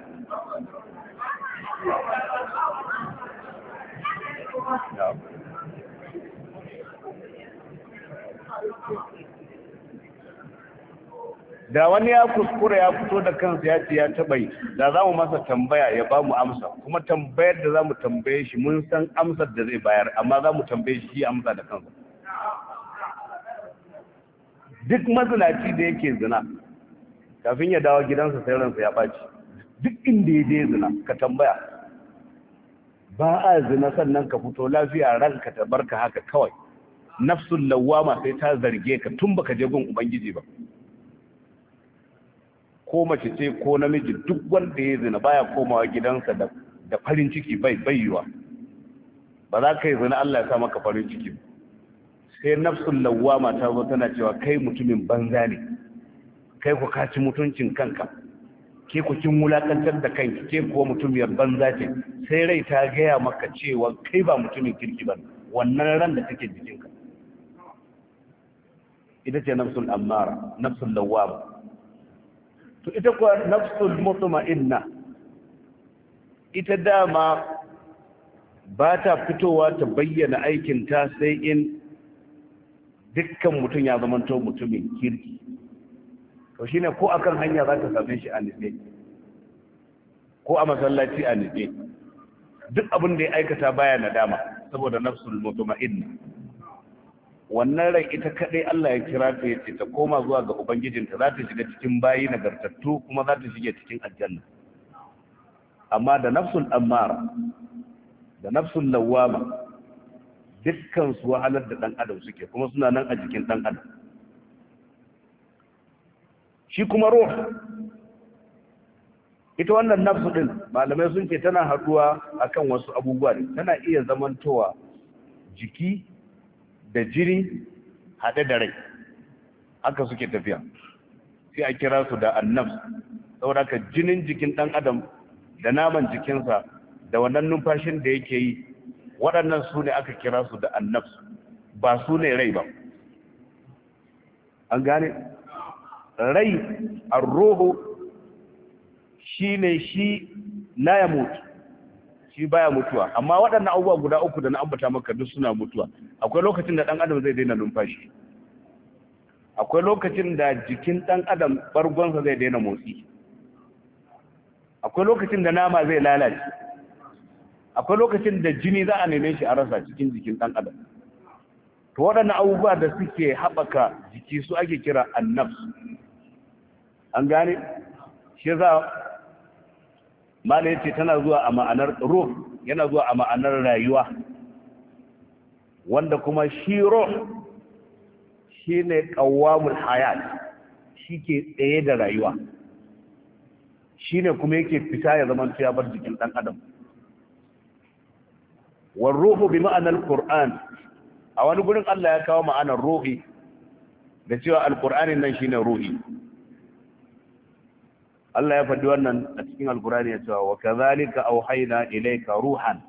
da wani ya kuskura ya fito da kansa ya ce ya taba yi da za mu masa tambaya ya ba mu amsa kuma tambayar da za mu tambaye shi mun san amsar da zai bayar amma za mu tambaye shi amsa da kansa duk mazinaci da yake zina kafin ya dawo gidansa sai ransa ya ɓaci duk inda ya je zina ka tambaya ba a zina sannan ka fito lafiya ranka ta barka haka kawai nafsun lawama sai ta zarge ka tun baka je gun ubangiji ba ko mace ce ko namiji duk wanda ya zina baya komawa gidansa da farin ciki bai bayyuwa. ba za ka yi zina Allah ya sa maka farin ciki ba sai nafsun lawwama ta zo tana cewa kai mutumin banza ne kai ku kaci mutuncin kanka ke ku kin wulakantar da kanki ke kuwa mutumiyar banza ce sai rai ta gaya maka cewa kai ba mutumin kirki ba wannan ran da take jikinka ita ce nafsun ammara nafsun lawwama to ita kuwa nafsul mutma'inna ita dama ba ta fitowa ta bayyana aikin ta sai in dukkan mutum ya zamanto mutumin kirki to shine ko akan hanya za ka same shi a nufe ko a masallaci a nufe duk abin da ya aikata baya nadama saboda nafsul mutma'inna wannan rai ita kadai Allah ya kira ta yace ta koma zuwa ga ubangijinta za ta shiga cikin bayi nagartattu kuma za ta shiga cikin aljanna amma da nafsul ammara da nafsul lawama Dukkansu wahalar da dan adam suke kuma suna nan a jikin dan adam shi kuma ruh ita wannan nafsu ɗin, malamai sun ce tana haduwa akan wasu abubuwa ne tana iya zamantowa jiki da jiri haɗe da rai haka suke tafiya sai a kira su da annabs saboda ka jinin jikin ɗan adam da naman jikinsa da wannan numfashin da yake yi waɗannan su ne aka kira su da annabs ba su ne rai ba an gane rai arroho shi ne shi la ya mutu shi baya mutuwa amma waɗannan abubuwa guda uku da na ambata maka duk suna mutuwa akwai lokacin da ɗan adam zai daina numfashi akwai lokacin da jikin ɗan adam bargonsa zai daina motsi akwai lokacin da nama zai lalace akwai lokacin da jini za a neme shi a rasa cikin jikin ɗan adam to waɗannan abubuwa da suke haɓaka jiki su ake kira annabs an gane shi za tana zuwa a ma'anar ruh yana zuwa a ma'anar rayuwa wanda kuma shi ruh shine qawwamul hayat shike tsaye da rayuwa shine kuma yake fita ya zama ya bar jikin ɗan adam war ruhu bi ma'anar qur'an a wani gurin Allah ya kawo ma'anar ruhi da cewa alqur'anin nan shine ruhi Allah ya faɗi wannan a cikin Al-Qur'ani ya cewa wa kadhalika ilai ilayka ruhan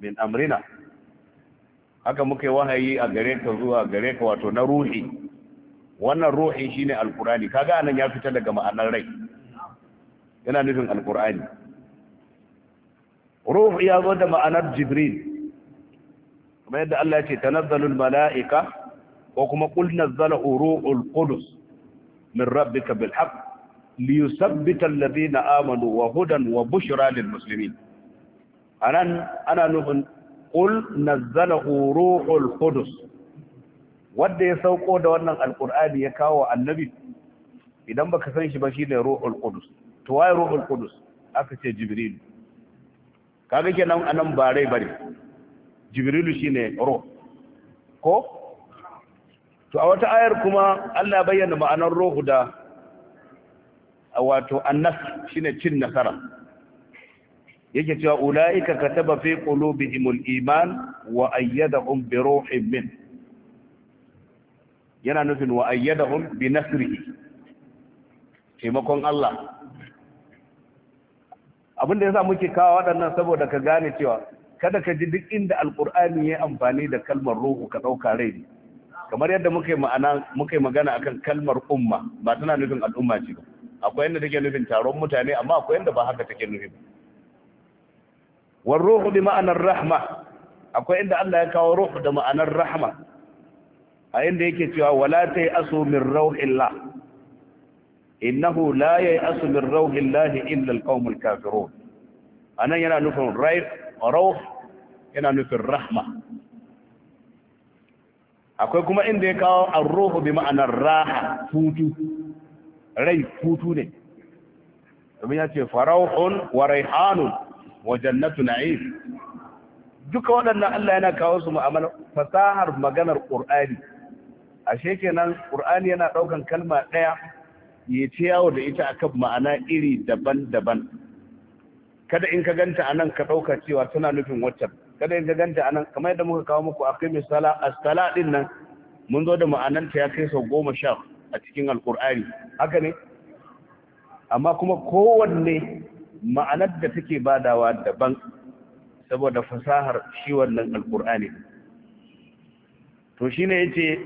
min amrina haka muka yi wahayi a gare ka zuwa gare ka wato na ruhi wannan ruhi shine Ka kaga anan ya fita daga ma'anar rai yana nufin alqur'ani ruhu ya zo da ma'anar jibril kuma yadda Allah ce tanazzalul mala'ika ko kuma qul nazzala ruhul qudus min rabbika bil haqq li yuthabbita alladhina amanu wa hudan wa bushra lil muslimin anan ana nufin qul nazzala ruhul qudus wanda ya sauko da wannan alqur'ani ya kawo annabi idan baka san shi ba shine ruhul qudus to waye ruhul qudus aka ce jibril kaga kenan anan ba rai jibrilu shine ruh ko to a wata ayar kuma Allah bayyana ma'anar ruhu da wato annas shine cin nasara yake cewa ulaika kataba fi qulubihimul iman wa ayyadahum bi ruhin min yana nufin wa ayyadahum bi nasrihi taimakon Allah abin da sa muke kawo waɗannan saboda ka gane cewa kada ka ji duk inda alkur'ani ya amfani da kalmar ruhu ka ɗauka rai kamar yadda muka yi ma'ana muka magana akan kalmar umma ba tana nufin al'umma ce ba akwai yadda take nufin taron mutane amma akwai yadda ba haka take nufin. ba ruhu bi ma'anar rahma akwai inda Allah ya kawo ruhu da ma'anar rahma a inda yake cewa wala tayasu min rauhillah innahu la ya'asu min rauhillahi illa alqaumul kafirun nan yana nufin rauh yana nufin rahma akwai kuma inda ya kawo arruhu bi ma'anar raha hutu, rai hutu ne domin ya ce farauhun wa raihanun wa jannatu na'im duka waɗannan Allah yana kawo su mu'amala fasahar maganar ƙur'ani, ashe kenan ƙur'ani yana daukan kalma ɗaya. Yi ce yawo da ita akan ma'ana iri daban-daban kada in ka ganta a nan ka ɗauka cewa tana nufin waccan kada in ka ganta a nan kamar yadda muka kawo muku akwai misala astala ɗin nan mun zo da ma'ananta ya kai sau goma sha a cikin alkur'ani haka ne amma kuma kowanne ma'anar da take badawa daban saboda fasahar shi wannan alkur'ani to shine yace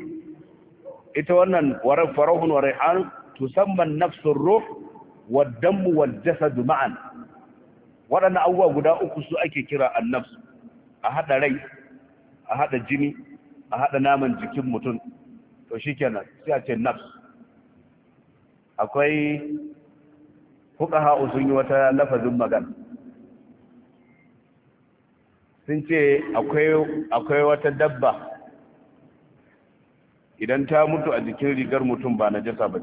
ita wannan warab farahun تسمى النفس الروح والدم والجسد معا waɗannan abubuwa guda uku su ake kira annafs a haɗa rai a haɗa jini a haɗa naman jikin mutum to shi kenan sai a ce akwai fuka sun yi wata magana sun ce akwai wata dabba idan ta mutu a jikin rigar mutum ba na jasa ba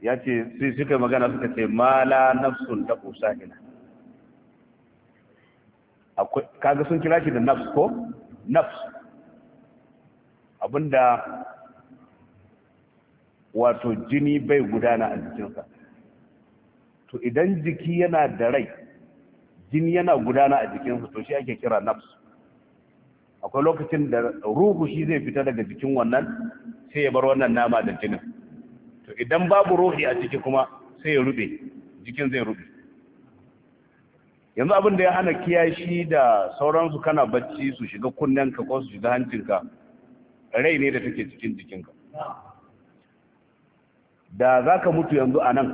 ya ce sai suka magana suka ce mala nafsun da kusa ina kaga sun kira shi da nafs ko nafs abinda wato jini bai gudana a jikinsa to idan jiki yana da rai jini yana gudana a jikinsa to shi ake kira nafs akwai lokacin da ruhu shi zai fita daga jikin wannan sai ya bar wannan nama da jinin to idan babu ruhi a ciki kuma sai ya rube jikin zai rube yanzu abin da ya hana kiyashi da sauransu kana bacci su shiga kunnenka ko su shiga hancinka rai ne da take cikin jikinka da za ka mutu yanzu a nan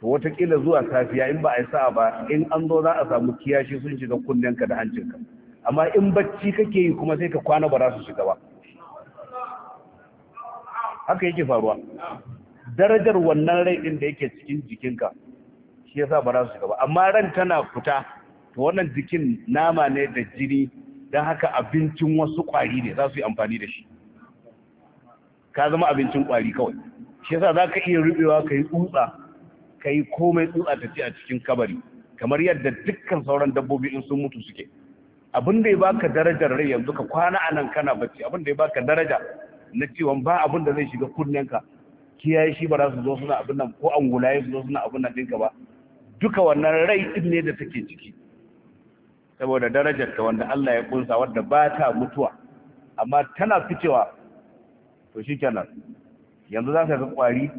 to watakila zuwa safiya in ba a yi sa'a ba in an zo za a samu kiyashi sun shiga kunnenka da hancinka amma in bacci kake yi kuma sai ka kwana ba za su shiga ba haka yake faruwa darajar wannan rai din da yake cikin jikinka shi yasa ba za su shiga ba amma ran tana fita to wannan jikin nama ne da jini dan haka abincin wasu kwari ne za su yi amfani da shi ka zama abincin kwari kawai shi yasa za ka iya rubewa ka yi tsutsa ka yi komai tsutsa ta ce a cikin kabari kamar yadda dukkan sauran dabbobi in sun mutu suke abin da ya baka darajar rai yanzu ka kwana a nan kana bacci abin da ya baka daraja na cewa ba abin da zai shiga kunnenka kiyaye shi ba za su zo suna abin nan ko an gulaye su zo suna abin nan ɗinka ba duka wannan rai din ne da take ciki saboda darajar ta wanda Allah ya kunsa wadda ba ta mutuwa amma tana ficewa to shi kenan yanzu za ka ga kwari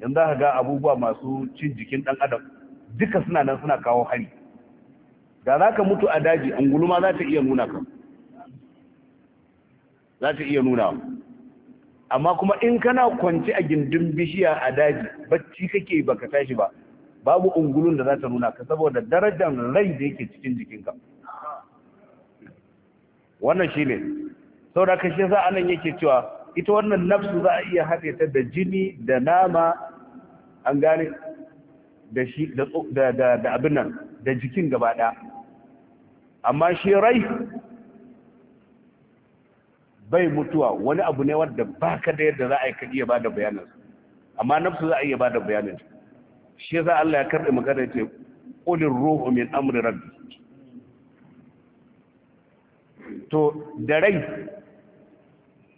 yanzu za ka ga abubuwa masu cin jikin ɗan adam duka suna nan suna kawo hari da za ka mutu a daji angulu ma za ta iya nuna ka za ta iya nuna amma kuma in kana kwanci a gindin bishiya a daji bacci kake baka tashi ba babu ungulun da za ta nuna ka saboda darajar rai da yake cikin jikinka wannan shi ne sau da kashe za a nan yake cewa ita wannan nafsu za a iya haɗe ta da jini da nama an gane da da abin nan da jikin gaba ɗaya amma shi rai bai mutuwa wani abu ne wanda baka da yadda za a yi ka iya bada bayanin amma nafsu za a iya bada bayanin shi za Allah ya karɓi magana ce ƙulin ruhu min amri rabbi to da rai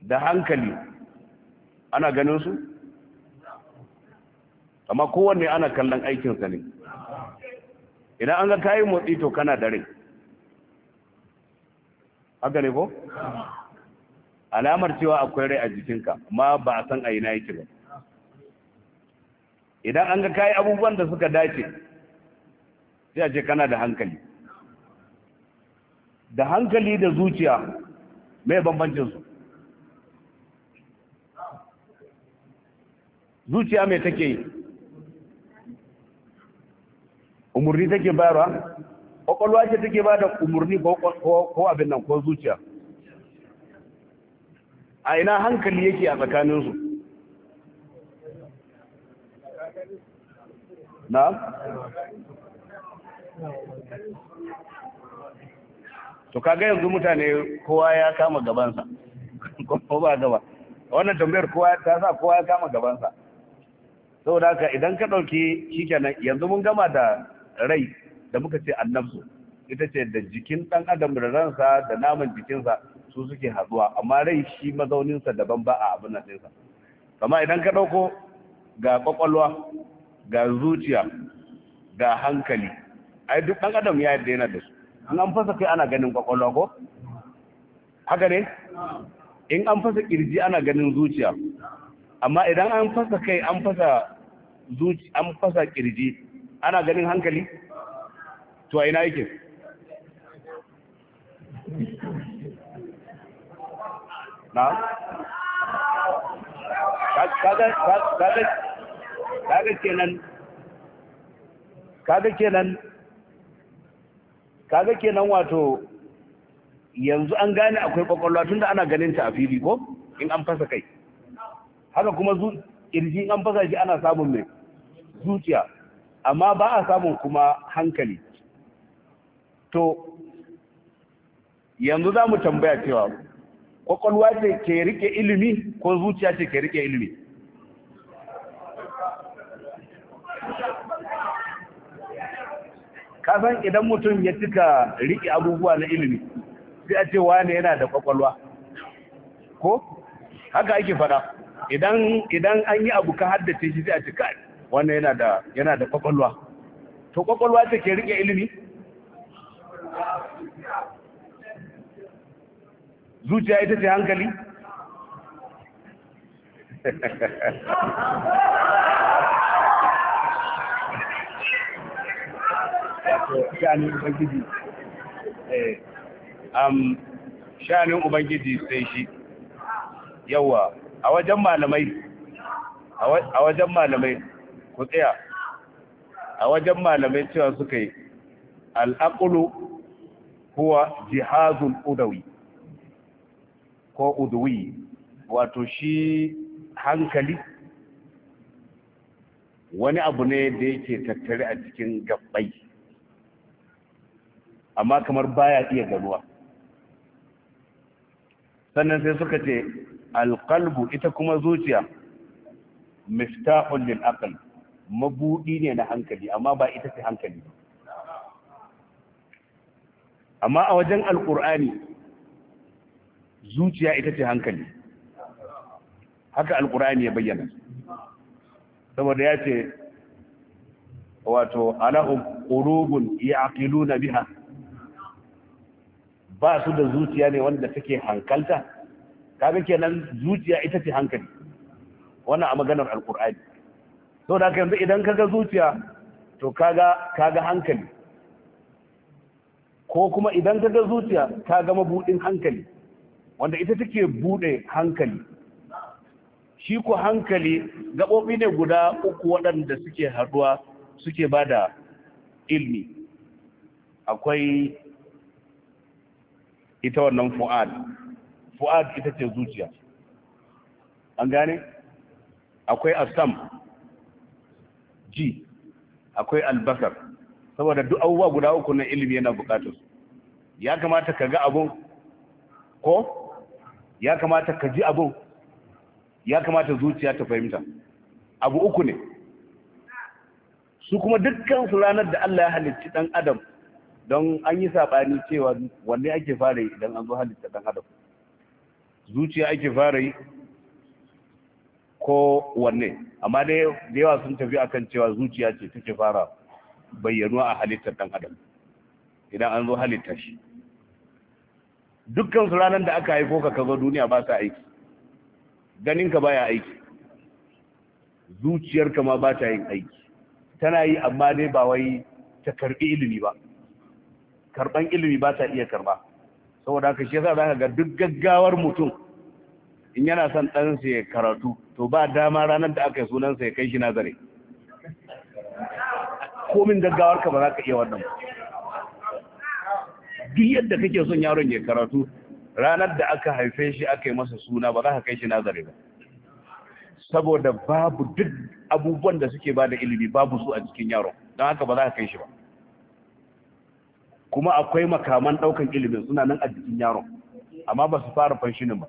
da hankali ana ganin su amma kowanne ana kallon aikinsa ne idan an ga kayi motsi to kana da rai haka ne ko? alamar cewa akwai rai a jikinka amma ba a san a ina yake ba idan an ga kayi abubuwan da suka dace sai a ce kana da hankali da hankali da zuciya mai bambancin su. zuciya mai take yi umarni take bayarwa ƙwaƙwalwa ce take ba da umarni ko abin nan ko zuciya a ina hankali yake a tsakaninsu na? to kaga yanzu mutane kowa ya kama gabansa ko ba gaba wannan tambayar kowa ta sa kowa ya kama gabansa saboda haka idan ka ɗauki shikenan yanzu mun gama da rai da muka ce annabsu ita ce da jikin ɗan adam da ransa da naman jikinsa su suke haduwa amma rai shi mazauninsa daban ba a abin nan sa kama idan ka ɗauko ga ƙwaƙwalwa ga zuciya ga hankali ai duk ɗan adam ya yadda yana da su in an fasa kai ana ganin ƙwaƙwalwa ko haka ne in an fasa ƙirji ana ganin zuciya amma idan an fasa kai an fasa zuci an fasa ƙirji ana ganin hankali to a ina yake na kaga kenan kenan kenan wato yanzu an gane akwai kwakwalwa tun da ana ganin ta a fili ko in an fasa kai haka kuma zu in an fasa shi ana samun mai zuciya amma ba a samun kuma hankali to yanzu za mu tambaya cewa kwakwalwa ce ke rike ilimi ko zuciya ce ke rike ilimi kasan idan mutum ya cika rike abubuwa na ilimi sai a ce wane yana da kwakwalwa ko haka ake fada idan idan an yi abu ka haddace shi sai a ce kai yana da yana da kwakwalwa to kwakwalwa ce ke rike ilimi zuciya ita ce hankali sha'anin ubangiji eh, ubangiji sai shi yawa a wajen malamai a wajen malamai ku tsaya a wajen malamai cewa suka yi al'akulu kuwa jihazul udawi ko Uduwi, wato shi hankali wani abu ne da yake tattare a cikin gabbai amma kamar baya iya ganuwa sannan sai suka ce alƙalbu ita kuma zuciya miftahun lil aql mabudi ne na hankali amma ba ita ce hankali amma a wajen alƙur'ani zuciya ita ce hankali haka alkur'ani ya bayyana saboda ya ce wato alahu qulubun ya'qiluna biha ba su da zuciya ne wanda take hankalta kaga kenan zuciya ita ce hankali wannan a maganar alkur'ani so da yanzu idan kaga zuciya to kaga kaga hankali ko kuma idan kaga zuciya kaga mabudin hankali wanda ita take bude hankali shi ko hankali gaɓoɓi ne guda uku waɗanda suke haɗuwa suke ba da ilmi akwai ita wannan fu'ad fu'ad ita ce zuciya an gane akwai asam ji akwai albasar saboda duk abubuwa guda uku na ilmi yana bukatar ya kamata ka ga abun ko ya kamata ka ji abin ya kamata zuciya ta fahimta abu uku ne su kuma dukkan ranar da Allah ya halitta dan adam don an yi sabani cewa wanne ake fara yi idan an zo halitta dan adam zuciya ake fara yi ko wanne amma dai da yawa sun tafi akan cewa zuciya ce take fara bayyanuwa a halittar dan adam idan an zo halitta shi dukkan su ranar da aka haifo ka kaga duniya ba ta aiki ganinka baya aiki zuciyarka ma ba ta yin aiki tana yi amma dai ba wai ta karbi ilimi ba karban ilimi ba ta iya karba saboda haka shi yasa ka ga duk gaggawar mutum in yana son sa ya karatu to ba dama ranar da aka yi sunansa ya kai shi nazare komin gaggawar ka ba za ka iya wannan ba duk yadda kake son yaron ya karatu ranar da aka haife shi aka yi masa suna ba za ka kai shi nazari ba saboda babu duk abubuwan da suke ba da ilimi babu su a cikin yaro don haka ba za ka kai shi ba kuma akwai makaman ɗaukan ilimin suna nan a jikin yaro amma ba su fara fanshinin ba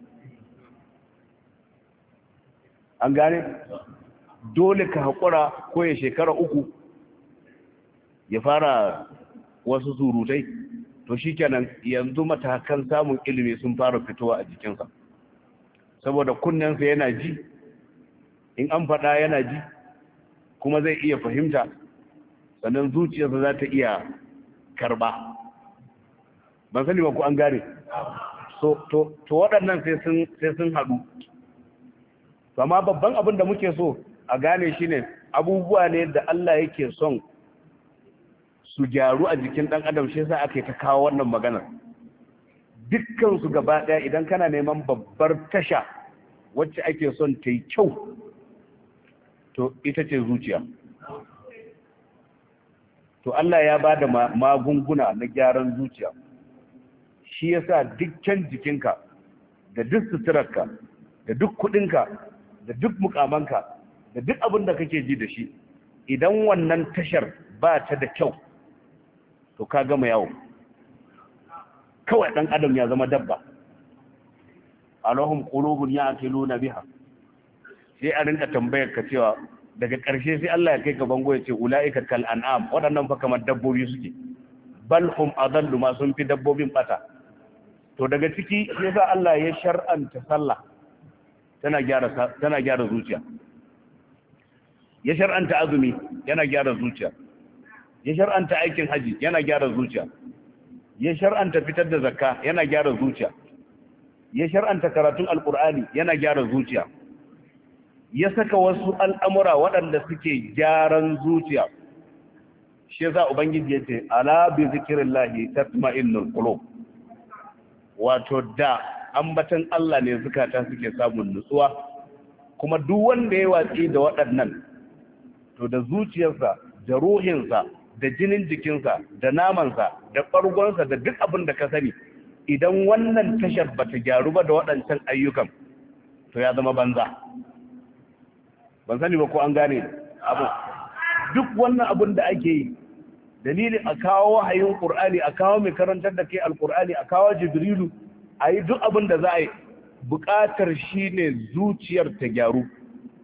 an gane dole ka haƙura ko ya shekara uku ya fara wasu surutai to shi kenan yanzu matakan samun ilimi sun fara fitowa a jikinsa saboda kunnensa yana ji in an faɗa yana ji kuma zai iya fahimta sannan zuciyarsa za ta iya karba ban sani ba ku an gane so to waɗannan sai sun haɗu amma babban abin da muke so a gane shine abubuwa ne da Allah yake son su gyaru a jikin ɗan adam shi sa aka yi ta kawo wannan maganar Dukkansu gaba ɗaya idan kana neman babbar tasha wacce ake son ta yi kyau to ita ce zuciya to Allah ya ba da magunguna na gyaran zuciya shi ya sa dukkan jikinka da duk suturarka da duk kudinka da duk mukamanka da duk abin da kake ji da shi idan wannan tashar ba ta da kyau to ka gama yawo kawai ɗan adam ya zama dabba alahum qulubun ya'qiluna biha sai a rinka tambayar ka cewa daga ƙarshe sai Allah ya kai ka bango ya ce ula'ika kal an'am waɗannan fa kamar dabbobi suke bal hum adallu ma sun fi dabbobin bata to daga ciki sai sa Allah ya shar'anta sallah tana gyara tana gyara zuciya ya shar'anta azumi yana gyara zuciya ya shar'anta aikin haji yana gyara zuciya ya shar'anta fitar da zakka yana gyara zuciya ya shar'anta karatun alkur'ani yana gyara zuciya ya saka wasu al'amura waɗanda suke gyaran zuciya shi za ubangiji ya ce ala bi zikirin tatma'innul qulub wato da ambatan Allah ne zakata suke samun nutsuwa kuma duk wanda ya watsi da waɗannan to da zuciyarsa da ruhinsa da jinin jikinsa da namansa da ɓargonsa da duk abin da ka sani idan wannan tashar ba ta gyaru ba da waɗancan ayyukan to ya zama banza ban sani ba ko an gane abu duk wannan abin da ake yi dalilin a kawo wahayin ƙur'ani a kawo mai karantar da ke alƙur'ani a kawo jibrilu a yi duk abin da za a yi buƙatar shi ne zuciyar ta gyaru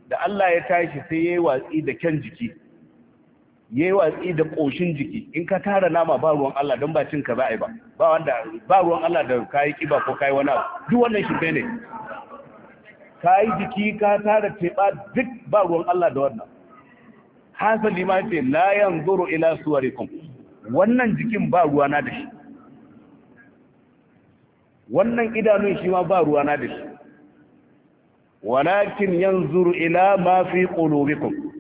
da Allah ya tashi sai ya yi watsi da kyan jiki ya yi watsi da ƙoshin jiki in ka tara nama ba ruwan Allah don ba cin ka za a yi ba ba wanda ba ruwan Allah da ka yi ƙiba ko ka yi wani abu duk wannan shi ne ka yi jiki ka tara teɓa duk ba ruwan Allah da wannan hasali ma ce la yanzuru ila kun wannan jikin ba ruwana da shi wannan idanun shi ma ba ruwana da shi walakin yanzuru ila ma fi qulubikum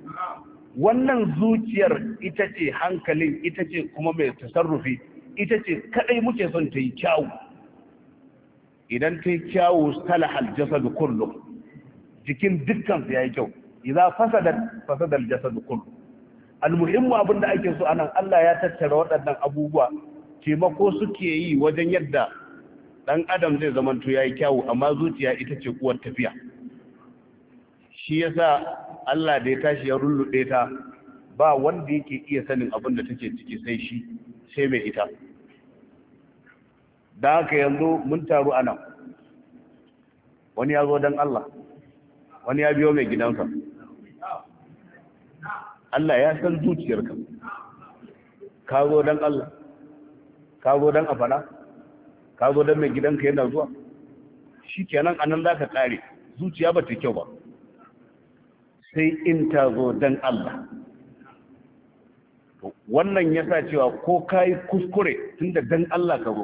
wannan zuciyar ita ce hankalin ita ce kuma mai tasarrufi ita ce kadai muke son ta yi kyawu idan ta yi kyawu salahal jasadu kullu jikin dukkan su yayi kyau idza fasadat fasada al kullu almuhimmu abin da ake so anan Allah ya tattara waɗannan abubuwa taimako suke yi wajen yadda dan adam zai zamanto yayi kyawu amma zuciya ita ce kuwar tafiya shi yasa Allah da ya tashi ya rulluɗe ta ba wanda yake iya sanin abin da take ciki sai shi sai mai ita da haka yanzu mun taru anan wani ya zo don Allah wani ya biyo mai gidansa Allah ya san zuciyarka ka zo don Allah ka zo don afara ka zo don mai gidanka yana zuwa shi kenan anan za ka tsare zuciya ba ta kyau ba sai in ta zo dan Allah wannan ya sa cewa ko ka yi kuskure tun da don Allah ka zo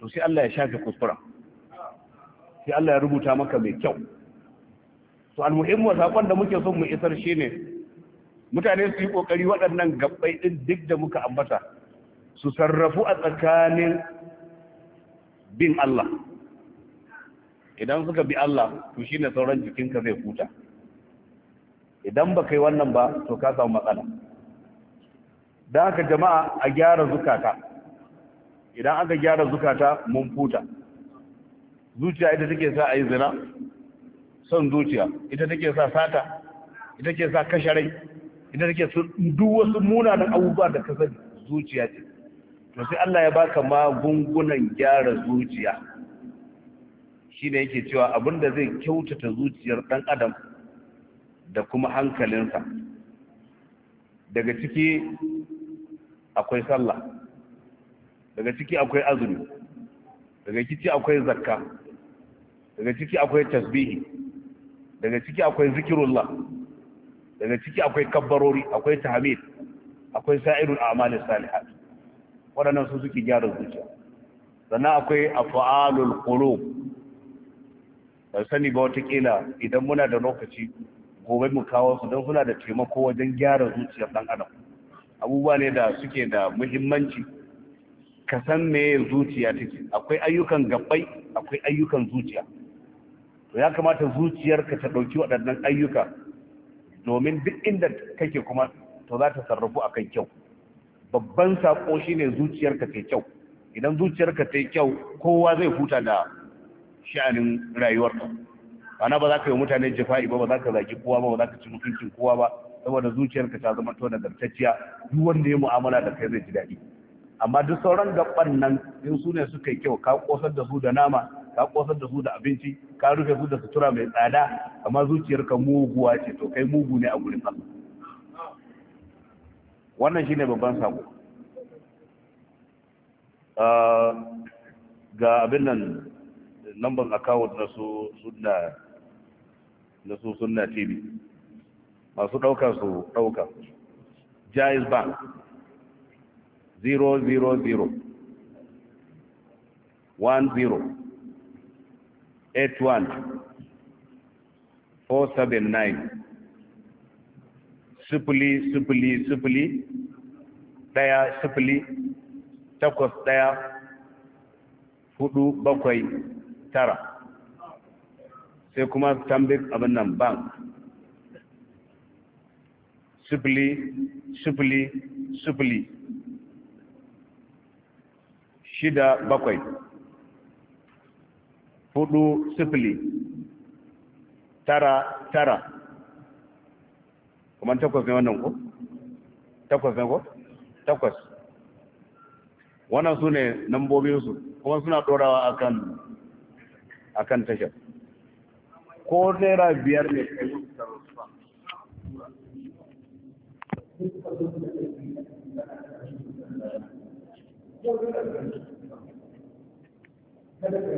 to sai Allah ya shafe kuskura sai Allah ya rubuta maka mai kyau to almuhimmu saƙon da muke son mu isar shi ne mutane su yi ƙoƙari waɗannan gabbai ɗin duk da muka ambata su sarrafu a tsakanin bin Allah idan suka bi Allah to shine sauran jikinka zai huta idan ba kai wannan ba to ka samu matsala da haka jama'a a gyara zukata idan aka gyara zukata mun futa zuciya ita take sa a yi zina son zuciya ita take sa sata ita take sa kashe rai ita take duk wasu da abubuwa da ka sani zuciya ce to sai Allah ya baka magungunan gyara zuciya shine yake cewa abinda zai kyautata zuciyar dan adam da kuma hankalinsa daga ciki akwai sallah daga ciki akwai azumi daga ciki akwai zakka daga ciki akwai tasbihi daga ciki akwai zikirullah daga ciki akwai kabbarori akwai tahmid akwai sa'irul a'malis salihat wadannan su suke gyara zuciya sannan akwai afalul qulub ban sani ba wata kila idan muna da lokaci gobe mu kawo su don suna da taimako wajen gyara zuciyar ɗan adam abubuwa ne da suke da muhimmanci ka san me zuciya take akwai ayyukan gabbai akwai ayyukan zuciya to ya kamata zuciyarka ta ɗauki waɗannan ayyuka domin duk inda kake kuma to za ta sarrafu akan kyau babban saƙo shine zuciyarka ta kyau idan zuciyarka ta kyau kowa zai huta da sha'anin rayuwarka ana ba za ka yi mutane jifa'i ba ba za ka zaki kowa ba ba za ka ci mutuncin kowa ba saboda zuciyarka ta zama to nagartacciya duk wanda ya mu'amala da kai zai ji daɗi amma duk sauran gaban nan in su ne suka yi kyau ka kosar da su da nama ka kosar da su da abinci ka rufe su da sutura mai tsada amma zuciyarka muguwa ce to kai mugu ne a gurin Allah wannan shine babban sako ah, ga abin nan lambar account na su suna da su sunna tv masu ɗaukar su ɗauka jais bank 000 10 81 479 sifili sifili sifili ɗaya sifili takwas ɗaya hudu bakwai tara sai kuma Tambik abin nan bank sifili sifili sifili shida bakwai hudu sifili tara tara kuma takwas ne wannan ko? takwas ne ko? takwas wannan su ne nambobinsu kuma suna ɗorawa akan akan tashar ko naira biyar ne ka yi Thank you.